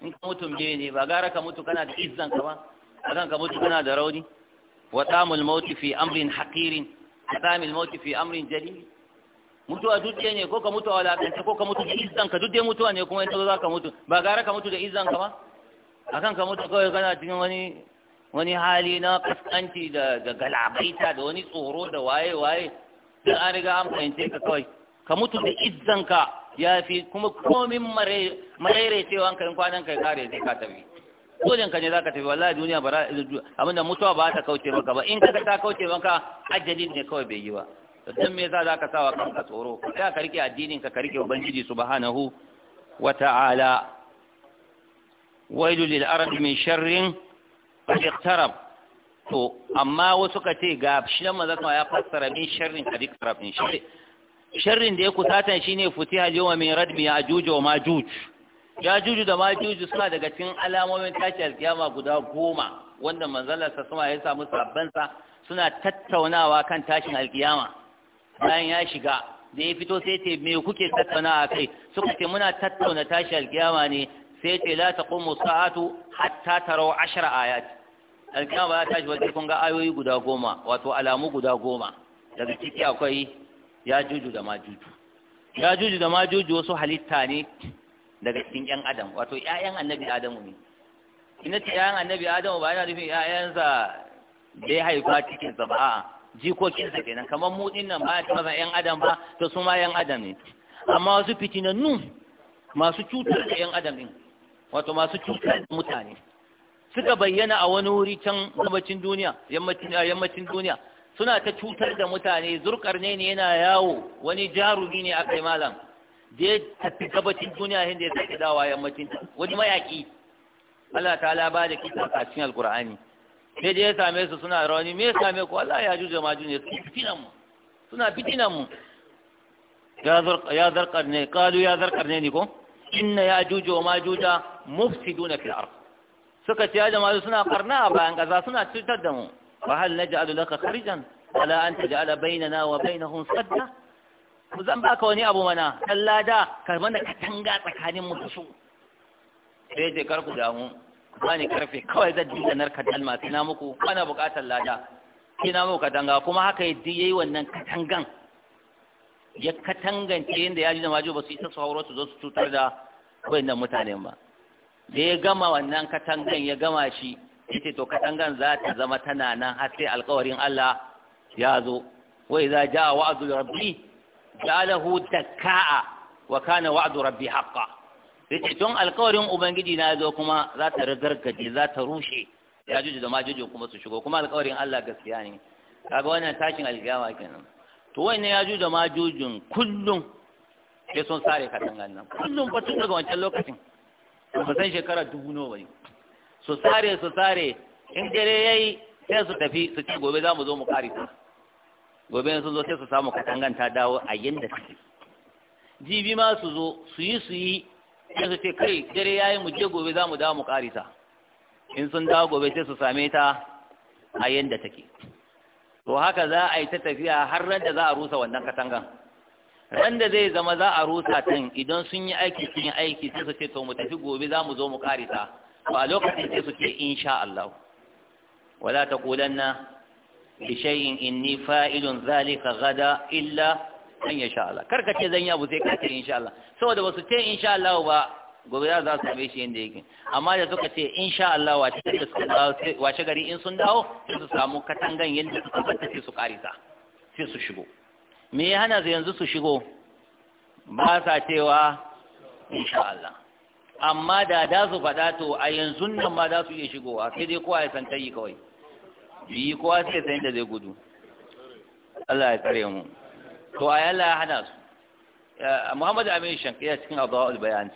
in ka mutum ne ba gara ka mutu kana da izzan ka ba akan ka mutu kana da rauni وطام الموت في أمر حقير وطام الموت في أمر جليل mutuwa dukiya ne ko ka mutu a walakance ko ka mutu da izan ka duk mutuwa ne kuma yanzu za ka mutu ba gara ka mutu da izan ka ba kan ka mutu kawai kana cikin wani wani hali na kaskanci da da galabaita da wani tsoro da waye waye da an riga an fahimce ka kawai ka mutu da izan ka ya fi kuma komin mare mare cewa kan kwanan kai kare zai ka tafi dole ka ne zaka tafi wallahi duniya bara abinda mutuwa ba ta kauce maka ba in kaga ta kauce maka ajali ne kawai bai yi ba to dan me yasa zaka sawa kanka tsoro ka ka rike addinin ka ka rike ubangiji subhanahu wa ta'ala wailu lil arab min sharrin qad iqtarab to amma wasu ka ce ga shi nan manzo ya fassara min sharrin qad iqtarab min sharrin da ya kusata shine futiha yawma radmi ya ajuju wa majuj ya juju da ma juju suna daga cikin alamomin tashi alkiyama guda goma wanda manzalar sa sama ya samu sabbansa suna tattaunawa kan tashin alkiyama bayan ya shiga da ya fito sai ce me kuke tattaunawa kai suka ce muna tattauna tashi alkiyama ne sai ce la taqumu sa'atu hatta taraw ashra ayat alkiyama ba ta tashi wajen kun ga ayoyi guda goma wato alamu guda goma daga ciki akwai ya juju da ma juju ya juju da ma juju wasu halitta ne daga cikin ƴan adam wato ƴaƴan annabi adamu ne ina ce ƴaƴan annabi adamu ba yana nufin ƴaƴansa da ya haifa cikin sa ba a'a jikokinsa kenan kamar mu din nan ba ya tafasa ƴan adam ba to su ma ƴan adam ne amma wasu fitinannu masu cutar da ƴan adam din wato masu cutar da mutane suka bayyana a wani wuri can yammacin duniya yammacin duniya suna ta cutar da mutane zurkar ne yana yawo wani jarumi ne a kai malam da ya tafi gabacin duniya da ya sake dawa yammacin ta wani mayaki Allah ta ala ba da kisa a cikin alkur'ani sai dai ya same su suna rauni me ya same ku Allah ya juje ma juje su fitinan mu suna fitinan mu ya zarkar ne Kalu ya zarkar ne ni ko inna ya juje wa juja mufsiduna fil ardh suka ce ya jama'a suna karna a bayan kaza suna cutar da mu fa hal naj'alu laka kharijan ala an taj'ala bainana wa bainahum sadda ku zan baka wani abu mana ɗan lada ka da katanga tsakanin mu da su sai je kar ku damu ba ni karfe kawai zan dinga narka dalma masu na muku ana buƙatar lada sai na muku katanga kuma haka ya yayi wannan katangan ya katangance yadda ya ji da majo ba su isa ta sauro su zo su cutar da nan mutanen ba da ya gama wannan katangan ya gama shi ce to katangan za ta zama tana nan har sai alƙawarin Allah ya zo wai za ja wa'azul rabbi ja'alahu dakka'a wa kana wa'du rabbi haqqan yace don alƙawarin ubangiji na zo kuma za ta ragargaje za ta rushe ya juju da majuju kuma su shigo kuma alƙawarin Allah gaskiya ne kaga wannan tashin alƙiyama kenan to wannan ya juju da majujun kullum sai sun sare katangan nan kullum ba daga wancan lokacin ba san shekara dubu nawa ne su sare su in yayi sai su tafi su ce gobe za mu zo mu kare gobe sun zo sai su samu katangan ta dawo a yanda take jibi ma su zo su yi su yi sai su ce kai dare ya yi muje gobe za mu dawo mu karisa in sun dawo gobe sai su same ta a yanda take to haka za a yi ta tafiya har ran da za a rusa wannan katangan ran da zai zama za a rusa tun idan sun yi aiki sun yi aiki sai su ce to mu tafi gobe za mu zo mu karisa to a lokacin sai su ce insha Allah wala taqulanna bishai inni fa'ilun zalika gada illa an yasha Allah karka ce zan yi abu sai ka ce insha Allah saboda ba su ce insha Allah ba gobe za su same shi yadda yake amma da suka ce insha Allah wace da suka gari in sun dawo sai su samu katangan yanda su tabbata sai su karisa sai su shigo me ya hana su yanzu su shigo ba sa cewa insha Allah amma da da su faɗa to a yanzu nan ma za su iya shigowa sai dai kowa ya san tayi kawai Yi kowa sai san da zai gudu Allah ya tsare mu to ai Allah ya hana su Muhammad Amin Shankiya cikin Adawul Bayan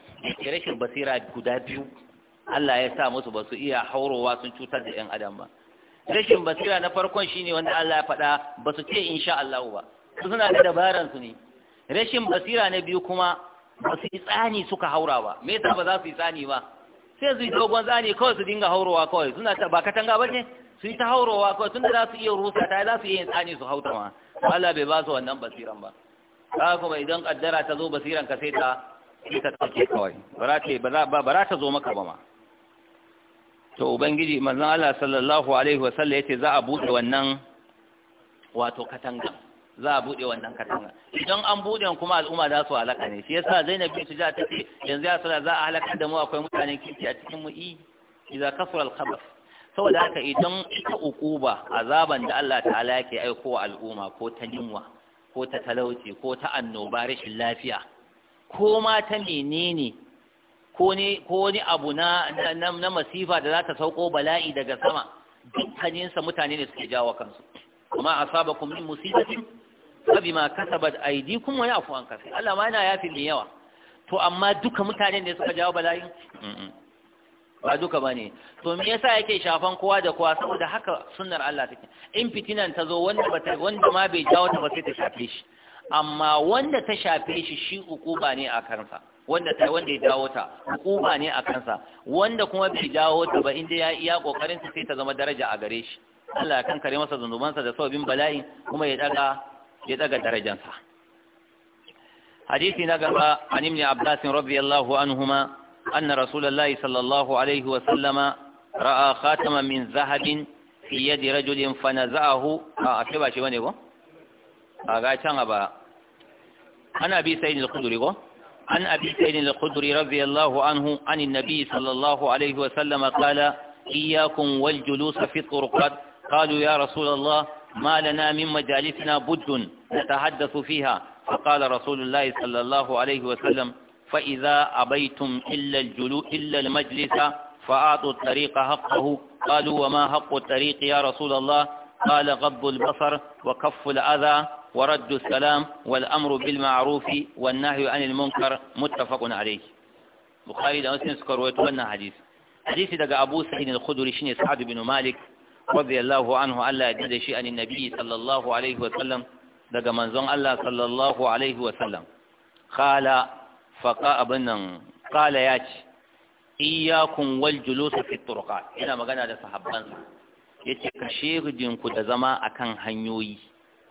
rashin basira guda biyu Allah ya sa musu ba su iya haurowa sun cutar da 'yan adam ba rashin basira na farkon shine wanda Allah ya faɗa ba su ce insha Allah ba suna da dabaran su ne rashin basira na biyu kuma ba su yi tsani suka haura ba me yasa ba za su yi tsani ba sai su yi dogon tsani kawai su dinga haurowa kawai suna ba katanga ba ne su yi ta haurowa ko tun da za su iya rusa ta za su iya tsani su hauta ma Allah bai ba su wannan basiran ba za kuma idan kaddara ta zo basiran ka sai ta sai ta take kawai bara ce ba za ta zo maka ba ma to ubangiji manzon Allah sallallahu alaihi wa sallam yace za a bude wannan wato katanga za a bude wannan katanga idan an bude kuma al'umma za su halaka ne shi yasa Zainab bint ta ce yanzu ya sa za a halaka da mu akwai mutanen kirki a cikin mu i idza kasura al-khabath saboda haka idan ita ukuba azaban da Allah ta'ala yake aikowa al'umma ko ta yunwa ko ta talauci ko ta annoba rashin lafiya ko ma ta menene ko ne ko ni abu na na masifa da za ta sauko bala'i daga sama dukkanin sa mutane ne suke jawo kansu kuma asabakum min musibatin fabima kasabat aydikum wa ya'fu an kasai Allah ma yana yafi mai yawa to amma duka mutanen ne suka jawo bala'i? ba duka ba ne to me yasa yake shafan kowa da kowa saboda haka sunnar Allah take in fitinan ta zo wanda ta wanda ma bai jawo ta ba sai ta shafe shi amma wanda ta shafe shi shi hukuma ne a kansa wanda ta wanda ya jawo ta hukuma ne a kansa wanda kuma bai jawo ta ba inda ya iya kokarin sa sai ta zama daraja a gare shi Allah ya kankare masa sa da sabbin bala'i kuma ya daga ya daga darajansa hadisi na gaba an ibn abbas radiyallahu ma. أن رسول الله صلى الله عليه وسلم رأى خاتما من ذهب في يد رجل فنزعه أكبر آه، شيء وانيكو أغاشان آه، أبا أنا أبي سيد الخدري عن أبي سيد الخدري رضي الله عنه عن النبي صلى الله عليه وسلم قال إياكم والجلوس في الطرقات قالوا يا رسول الله ما لنا من مجالسنا بد نتحدث فيها فقال رسول الله صلى الله عليه وسلم فإذا أبيتم إلا الجلو إلا المجلس فأعطوا الطريق حقه قالوا وما حق الطريق يا رسول الله قال غض البصر وكف الأذى ورد السلام والأمر بالمعروف والنهي عن المنكر متفق عليه بخاري دعوة سنسكر ويتولنا حديث حديث دقاء أبو سعيد الخدري شنو سعد بن مالك رضي الله عنه ألا يجد شيئا النبي صلى الله عليه وسلم دقاء منزون ألا صلى الله عليه وسلم قال faƙa abin nan ƙala ya ce iyakun wal julusa fi turqa ina magana da sa yace ka shirjin ku da zama akan hanyoyi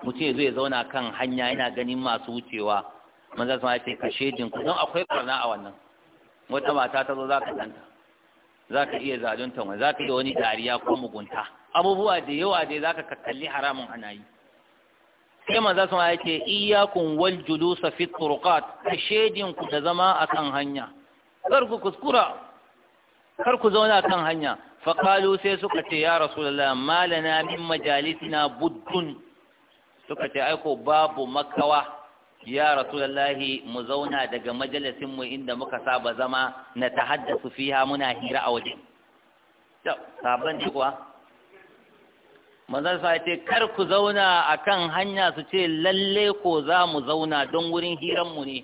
mutum zai zauna kan hanya yana ganin masu wucewa manzo sama yace ka shirjin ku don akwai barna a wannan wata mata ta zo za ka danta za ka iya zalunta wani za ka iya wani dariya ko mugunta abubuwa da yawa dai za ka kalli haramun ana yi sai manzo sun ya ce iyyakum wal julus fi turqat shedin ku da zama akan hanya kar ku kuskura kar ku zauna kan hanya fa qalu sai suka ce ya rasulullah malana min majalisina buddun suka ce ai babu makawa ya rasulullahi mu zauna daga majalisin mu inda muka saba zama na tahaddasu fiha muna hira a wajen sabon kuwa manzon sa ce kar ku zauna akan hanya su ce lalle ko za mu zauna don wurin hiranmu ne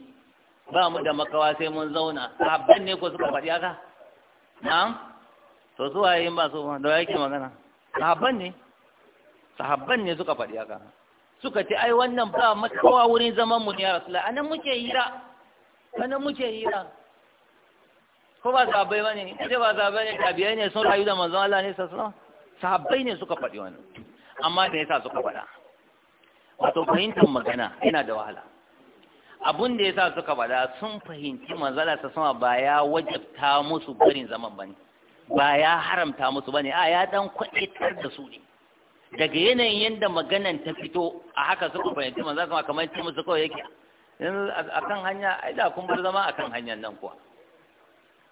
ba mu da makawa sai mun zauna sahabban ne ko suka faɗi haka na'am to su waye ba su da yake magana sahabban ne sahabban ne suka faɗi haka suka ce ai wannan ba makawa wurin zaman mu ne ya rasulullahi anan muke hira anan muke hira ko ba sahabbai bane ce ba ne tabiyai ne sun rayu da manzon Allah ne sallallahu alaihi wasallam sahabbai ne suka faɗi wannan amma da yasa suka faɗa wato fahimtar magana yana da wahala abun da yasa suka faɗa sun fahimci manzala ta sama ba ya wajabta musu barin zaman ba ne, ba ya haramta musu ba ne, a ya dan kwaitar da su ne daga yanayin yadda maganan ta fito a haka suka fahimci manzala sama kamar ce musu kawai yake yanzu a kan hanya ai da kun bar zama a kan hanyar nan kuwa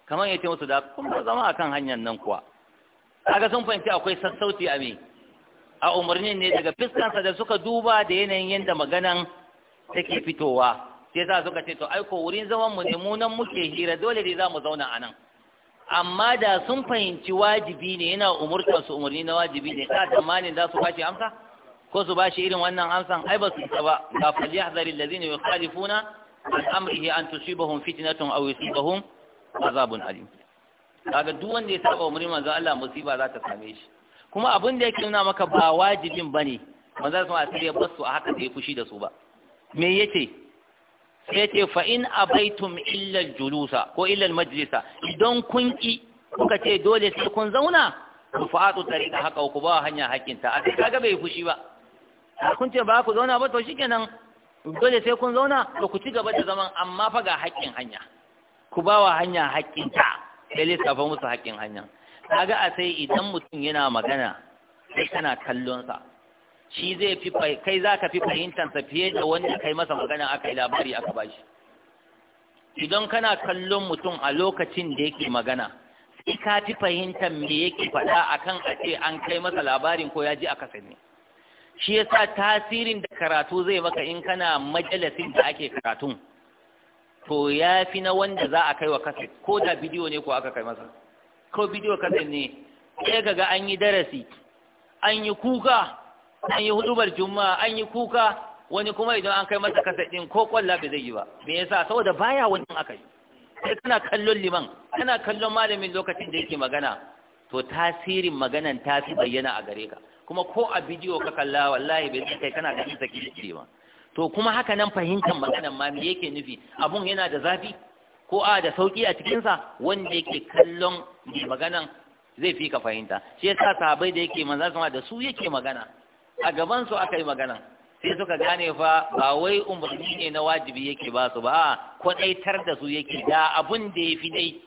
kamar ya ce musu da kun bar zama a kan hanyar nan kuwa aga sun fahimci akwai sassauci a me a umarnin ne daga fiskansa da suka duba da yanayin yadda maganan take fitowa sai za suka ce to aiko wurin zaman mu ne mu muke hira dole ne za mu zauna anan, amma da sun fahimci wajibi ne yana umurtar su umarni na wajibi ne ka tsammani za su bashi amsa ko su bashi irin wannan amsan ai ba su isa ba ga fali hazari allazina yukhalifuna an amrihi an tusibahum fitnatun aw yusibahum azabun alim kaga duk wanda ya saba umarnin manzo Allah musiba za ta same shi kuma abin da yake nuna maka ba wajibin bane manzo sun asiri ya basu a haka sai fushi da su ba me yace sai yace fa in abaitum illa julusa ko illa majlisa idan kun ki kuka ce dole sai kun zauna ku fatu tariqa haka ku ba hanya ta. a kaga bai fushi ba kun ce ba ku zauna ba to shikenan dole sai kun zauna to ku ci gaba da zaman amma fa ga haƙƙin hanya ku ba wa hanya ta. sai lissafa musu haƙƙin hanya kaga a sai idan mutum yana magana sai kana kallon sa shi zai fi kai zaka fi fahimtar fiye da wanda kai masa magana aka yi labari aka bashi idan kana kallon mutum a lokacin da yake magana sai ka fi fahimtar me yake faɗa akan a ce an kai masa labarin ko ya ji aka sani shi yasa tasirin da karatu zai maka in kana majalisin da ake karatun to ya fi na wanda za a kai wa kaset ko da bidiyo ne ko aka kai masa ko bidiyo kaset ne sai ka ga an yi darasi an yi kuka an yi hudubar juma'a an yi kuka wani kuma idan an kai masa kaset ɗin ko kwalla bai zai yi ba me yasa saboda baya aka akai sai kana kallon liman kana kallon malamin lokacin da yake magana to tasirin maganan ta fi bayyana a gare ka kuma ko a bidiyo ka kalla wallahi bai zai kai kana da shi sake ba to kuma haka nan fahimtar maganan ma me yake nufi abun yana da zafi ko a da sauki a cikinsa wanda yake kallon mai maganan zai fi ka fahimta shi yasa sahabbai da yake manzo sama da su yake magana a gaban su aka yi magana sai suka gane fa ba wai umarni ne na wajibi yake ba su ba kwadaitar da su yake da abun da ya fi dai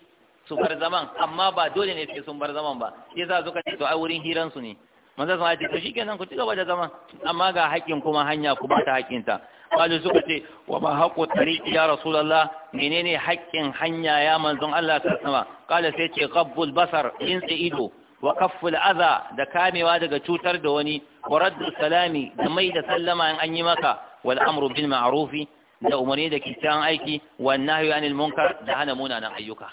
su bar zaman amma ba dole ne sai sun bar zaman ba sai za suka ce to a wurin hiran su ne manzo sama ya ce to shikenan ku ci gaba da zama amma ga haƙƙin kuma hanya ku ba ta haƙƙinta qalu suka ce wa ma haqqu tariqi ya rasulallah? menene haƙƙin hanya ya manzon Allah Ta alaihi wasallam sai ce qabbul basar in ido wa adha da kamewa daga cutar da wani wa raddu salami da mai da sallama in an yi maka wal amru bil ma'ruf da umarni da kitan aiki wan nahyu anil munkar da hana munanan ayyuka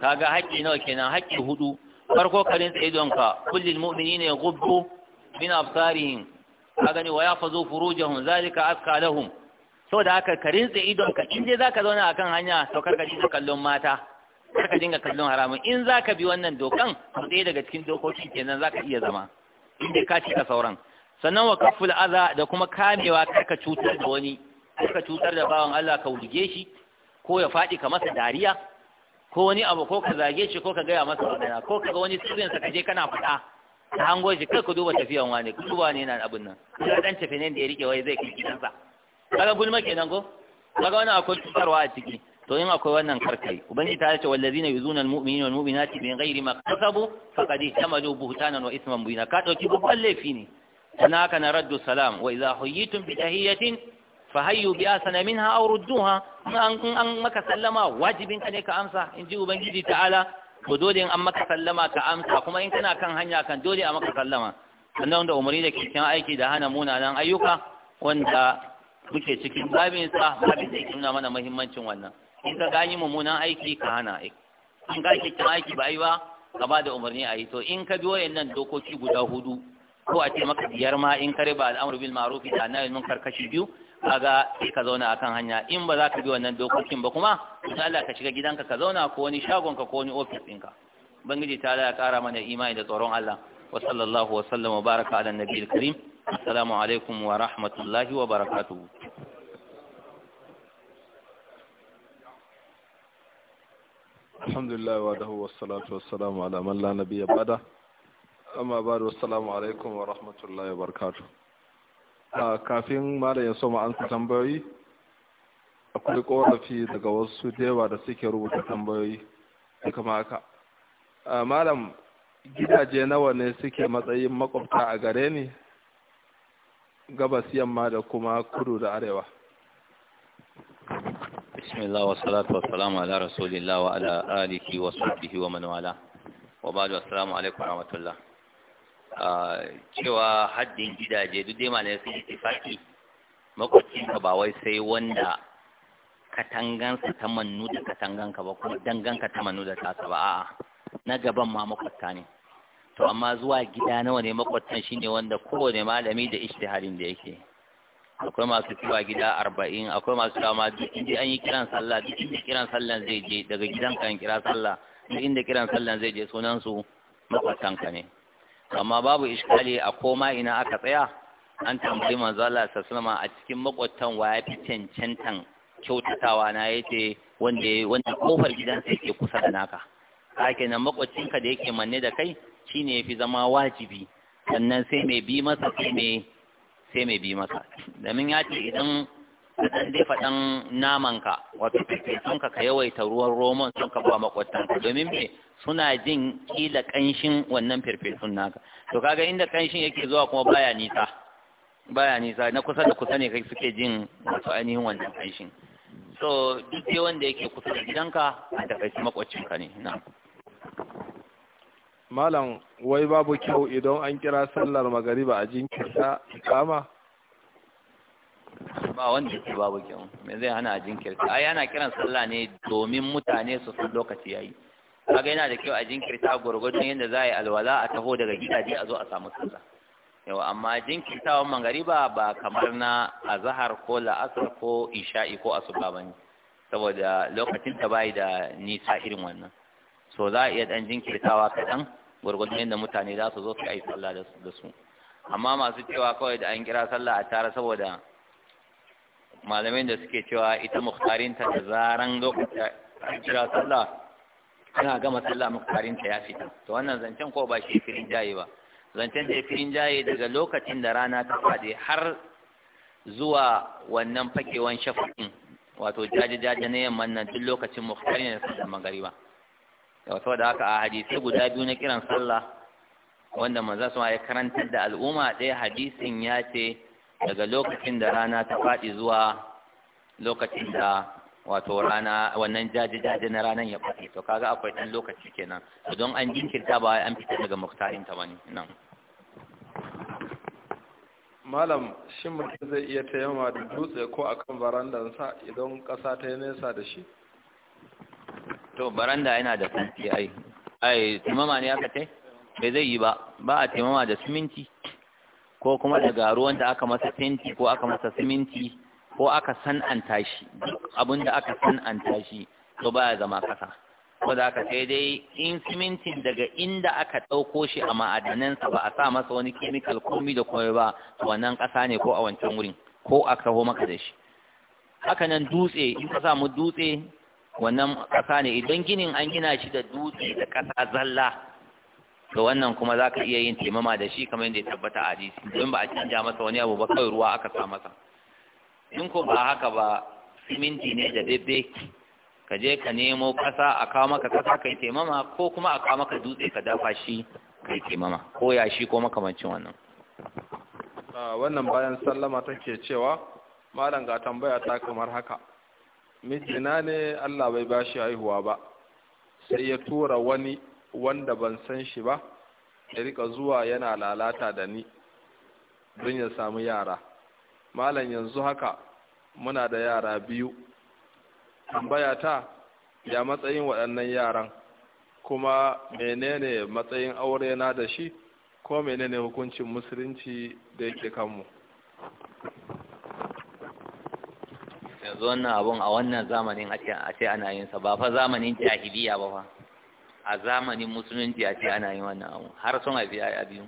kaga haƙƙi nawa kenan haƙƙi hudu farko karin tsaye donka kullil mu'minina yaghuddu min absarihim ka gani wa yahfazu furujahum zalika aska lahum da haka karin tsa'idonka, in dai zaka zauna akan hanya to kar ka dinga kallon mata kar ka dinga kallon haramun in zaka bi wannan dokan to ɗaya daga cikin dokokin kenan zaka iya zama in dai ka cika sauran sannan wa kaful da kuma kamewa kar ka cutar da wani kar ka cutar da bawan Allah ka wurge shi ko ya faɗi ka masa dariya ko wani abu ko ka zage shi ko ka gaya masa magana ko ka ga wani sirrin sa kaje kana faɗa Ta hango shi kai ku duba tafiyan wani ku duba ne nan abin nan ka dan tafi ne da ya rike wai zai kai gidansa kaga gulma kenan ko kaga wani akwai cutarwa a ciki to in akwai wannan karkai ubangiji ta ce wallazina yuzuna almu'minina wal mu'minati bi ghairi ma kasabu faqad ihtamalu buhtanan wa isman mubina ka dauki babban laifi ne sanaka na raddu salam wa idha huyitum bi tahiyatin fahayyu bi asana minha aw rudduha in an maka sallama wajibin ka ne ka amsa in ji ubangiji ta'ala to dole an maka sallama ka amsa kuma in kana kan hanya kan dole a maka sallama sannan da umarni da kyakkyan aiki da hana munanan ayyuka wanda muke cikin babin babin da nuna mana muhimmancin wannan in ka gani mummunan aiki ka hana in ka kyakkyan aiki ba ba ka ba da umarni a yi to in ka bi wayannan dokoki guda hudu ko a ce maka biyar ma in kare ba al'amur bil ma'rufi da annahi munkar kashi biyu kaga sai ka zauna akan hanya in ba za ka bi wannan dokokin ba kuma in Allah ka shiga gidanka ka zauna ko wani shagonka ko wani ofis ɗinka bangiji ta Allah ya kara mana imani da tsoron Allah wa sallallahu wa sallama baraka ala nabiyil karim assalamu alaikum wa rahmatullahi wa barakatuh alhamdulillah wa dahu wassalatu wassalamu ala man la nabiyya ba'da amma ba da wasu alaikum wa rahmatullahi wa a kafin malam ya soma an tambayoyi akwai korafi daga wasu dewa da suke rubuta tambayoyi kama haka malam gidaje nawa ne suke matsayin makwabta a gare ni gabas yamma da kuma kudu da arewa bismillah wa salatu ala rasulillah wa ala alihi wa sahbihi wa man wala wa ba'du assalamu alaikum wa rahmatullah Ah, cewa haddin gidaje duk dai malamai sun ittifaki ka ba wai sai wanda katangansa ta mannu da katanganka ba kuma danganka ta mannu da tasa ba a na gaban ma makwatta ne to amma zuwa gida nawa ne makwattan shine wanda kowane malami da ijtihadin da yake akwai masu cewa gida arba'in akwai masu cewa ma duk inda an yi kiran sallah duk inda kiran sallah zai je daga gidan kan kira sallah duk inda kiran sallah zai je sunan su makwattanka ne amma babu iskali a koma ina aka tsaya an tambayi manzo Allah sallama a cikin makwattan wa ya fi cancantan kyautatawa na yace wanda wanda kofar gidansa yake kusa da naka kake nan makwattinka da yake manne da kai shine yafi zama wajibi sannan sai mai bi masa sai mai sai mai bi masa domin ya ce idan zan ɗan dafa ɗan ka, wato fefesunka ka yawaita ruwan roman sun ka ba ka domin me suna jin kila ƙanshin wannan ferfesun naka to kaga inda ƙanshin yake zuwa kuma baya nisa baya nisa na kusa da kusa ne kai suke jin wato ainihin wannan ƙanshin so duk dai wanda yake kusa da gidanka a takaice ka ne na malam wai babu kyau idan an kira sallar magariba a jinkirta ikama ba wanda ke babu kyau me zai hana a jinkirta ai ana kiran sallah ne domin mutane su san lokaci yayi kaga yana da kyau a jinkirta gurgurdun yadda za a yi alwala a taho daga gidaje a zo a samu sallah yau amma jinkirtawan mangariba ba kamar na azahar ko la'asar ko isha'i ko asuba bane saboda lokacin ta bai da nisa irin wannan so za a iya dan jinkirtawa kaɗan gurgurdun yadda mutane za su zo su yi sallah da su amma masu cewa kawai da an kira sallah a tara saboda malamai da suke cewa ita mukhtarinta da zaran lokacin kira sallah ana gama sallah mukhtarinta ya fita to wannan zancen ko ba shi firin jaye ba zancen da firin jaye daga lokacin da rana ta faɗi har zuwa wannan fakewan shafakin wato jaje-jaje na yamman nan duk lokacin mukhtarin da sallah magariba wato da haka a hadisi guda biyu na kiran sallah wanda manzo sama ya karantar da al'umma ɗaya hadisin ya ce daga lokacin da rana ta faɗi zuwa lokacin da wato rana wannan jaji-jaji na ranar ya faɗi to kaga akwai ɗan lokaci kenan don an jinkirta ba an fita daga muktarin ta wani nan malam shin mutum zai iya taimama da dutse ko akan barandansa idan ƙasa ta yi nesa da shi to baranda yana da santi ai ai taimama ne aka ce bai zai yi ba ba a taimama da siminti ko kuma daga ruwan da aka masa fenti ko aka masa siminti ko aka san'anta shi abin da aka san'anta shi to baya zama kasa ko da aka sai dai in simintin daga inda aka ɗauko shi a ma'adanansa ba a sa masa wani kemikal komi da komai ba to wannan kasa ne ko a wancan wurin ko a kaho maka da shi haka nan dutse in ka samu dutse wannan kasa ne idan ginin an gina shi da dutse da kasa zalla to wannan kuma za ka iya yin taimama da shi kamar yadda ya tabbata a hadisi don ba a canja masa wani abu ba kawai ruwa aka sa masa in ko ba haka ba siminti ne da daidai ka je ka nemo kasa a kawo maka ƙasa ka yi taimama ko kuma a kawo maka dutse ka dafa shi ka yi taimama ko ya shi ko makamancin wannan wannan bayan sallama take cewa malam ga tambaya ta kamar haka mijina ne Allah bai bashi haihuwa ba sai ya tura wani wanda ban san shi ba ya rika zuwa yana lalata da ni don ya samu yara malam yanzu haka muna da yara biyu tambaya ta ya matsayin waɗannan yaran kuma menene matsayin aure na da shi ko menene hukuncin musulunci da yake kanmu yanzu wannan abun a wannan zamanin a ce ana yin sa ba fa zamanin jahiliya ba fa a zamanin musulunci a ce ana yi wannan abu har sun haifi a biyu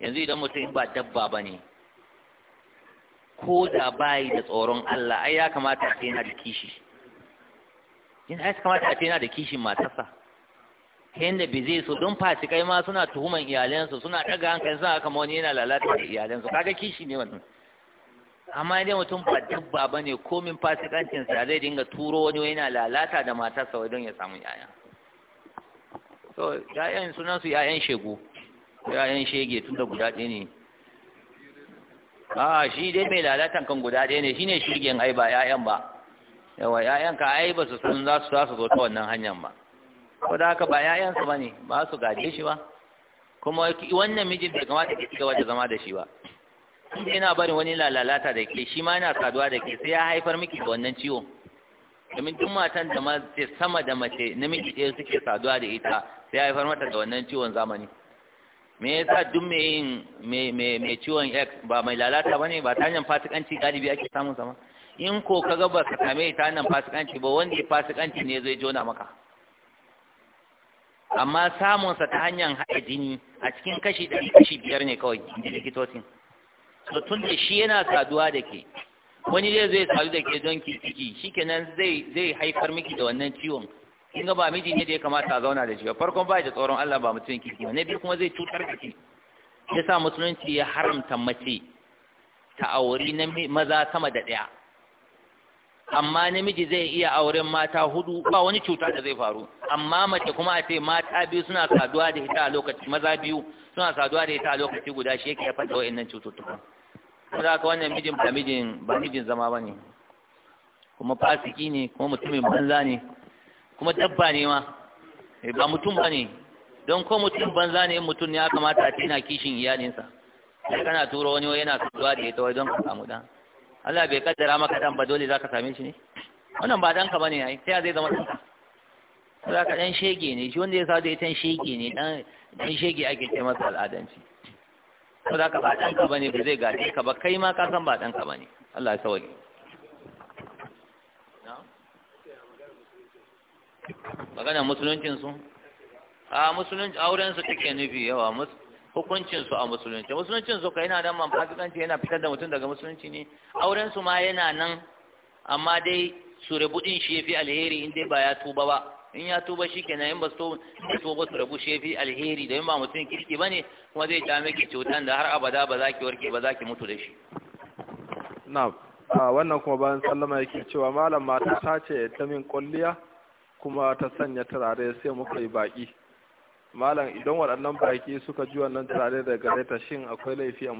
yanzu idan mutum ba dabba ba ne ko da bayi da tsoron Allah ai ya kamata a ce yana da kishi yana ya kamata a ce yana da kishin matarsa ta yadda bai zai so don fasikai ma suna tuhuman iyalensu suna ɗaga hankali suna kama wani yana lalata da iyalensu kaga kishi ne wannan amma idan mutum ba dabba ba ne komin fasikancinsa zai dinga turo wani yana lalata da matarsa wajen ya samu yaya to ya'yan sunan su ya'yan shego ya'yan shege tun da guda ɗaya ne a ah, shi dai mai lalatan kan guda ɗaya ne shine shigen ai ba ya'yan ba yawa ya'yan ka ai ba su san za su za su zo ta wannan hanyar ba ko da haka ba ya'yan su bane ba su gaje shi ba kuma wannan mijin bai kamata ki cigaba da zama da shi ba in yana barin wani lalata da ke shi ma yana saduwa da ke sai ya haifar miki da wannan ciwo domin duk matan da mace sama da mace namiji ɗaya suke saduwa da ita sai haifar mata da wannan ciwon zamani me yasa duk mai yin me ciwon x ba mai lalata bane ba ta hanyar fasikanci galibi ake samun sama in ko ka ga ba ka same ta hanyar fasikanci ba wanda ya fasikanci ne zai jona maka amma samunsa ta hanyar haɗa jini a cikin kashi ɗari kashi biyar ne kawai ji likitocin so tun da shi yana saduwa da ke wani zai zai sadu da ke don ki ciki shikenan zai zai haifar miki da wannan ciwon in ga ba miji ne da ya kamata a zauna da shi ba farkon ba da tsoron Allah ba mutum kirki ba na biyu kuma zai cutar da shi ya sa musulunci ya haramta mace ta aure na maza sama da ɗaya amma namiji zai iya auren mata hudu ba wani cuta da zai faru amma mace kuma a ce mata biyu suna saduwa da ita a lokaci maza biyu suna saduwa da ita a lokaci guda shi yake ya da wa'annan cututtuka ko da ka wannan mijin ba mijin ba mijin zama bane kuma fasiki ne kuma mutumin banza ne kuma dabba ne ma eh, ba mutum ba ne don ko mutum banza ne mutum ne ya kamata a tina kishin iyalinsa sai kana turo wani yana saduwa da ita wai don ka samu dan Allah bai kaddara maka dan ba dole zaka same shi ne wannan ba dan danka bane ai sai zai zama ka za ka dan shege ne shi wanda ya sa sadu ita shege ne dan dan shege ake ce masa al'adanci ko za ka ba dan bane ba zai gaje ka ba kai ma ka san ba danka bane Allah ya sauke magana su a musulunci aurensu take nufi yawa hukuncinsu a musulunci su ka yana da fasikanci yana fitar da mutum daga musulunci ne aurensu ma yana nan amma dai su rabu din shi yafi alheri in dai ba ya tuba ba in ya tuba shi kenan in ba su tuba su rabu shi yafi alheri da in ba mutum kirki ba ne kuma zai ta miki cutan da har abada ba za ki warke ba za ki mutu da shi na wannan kuma bayan sallama yake cewa malam mata ta ce ta min kulliya kuma ta sanya turare sai muka yi baki malam idan waɗannan baki suka ji wannan turare daga gare ta shin akwai laifi a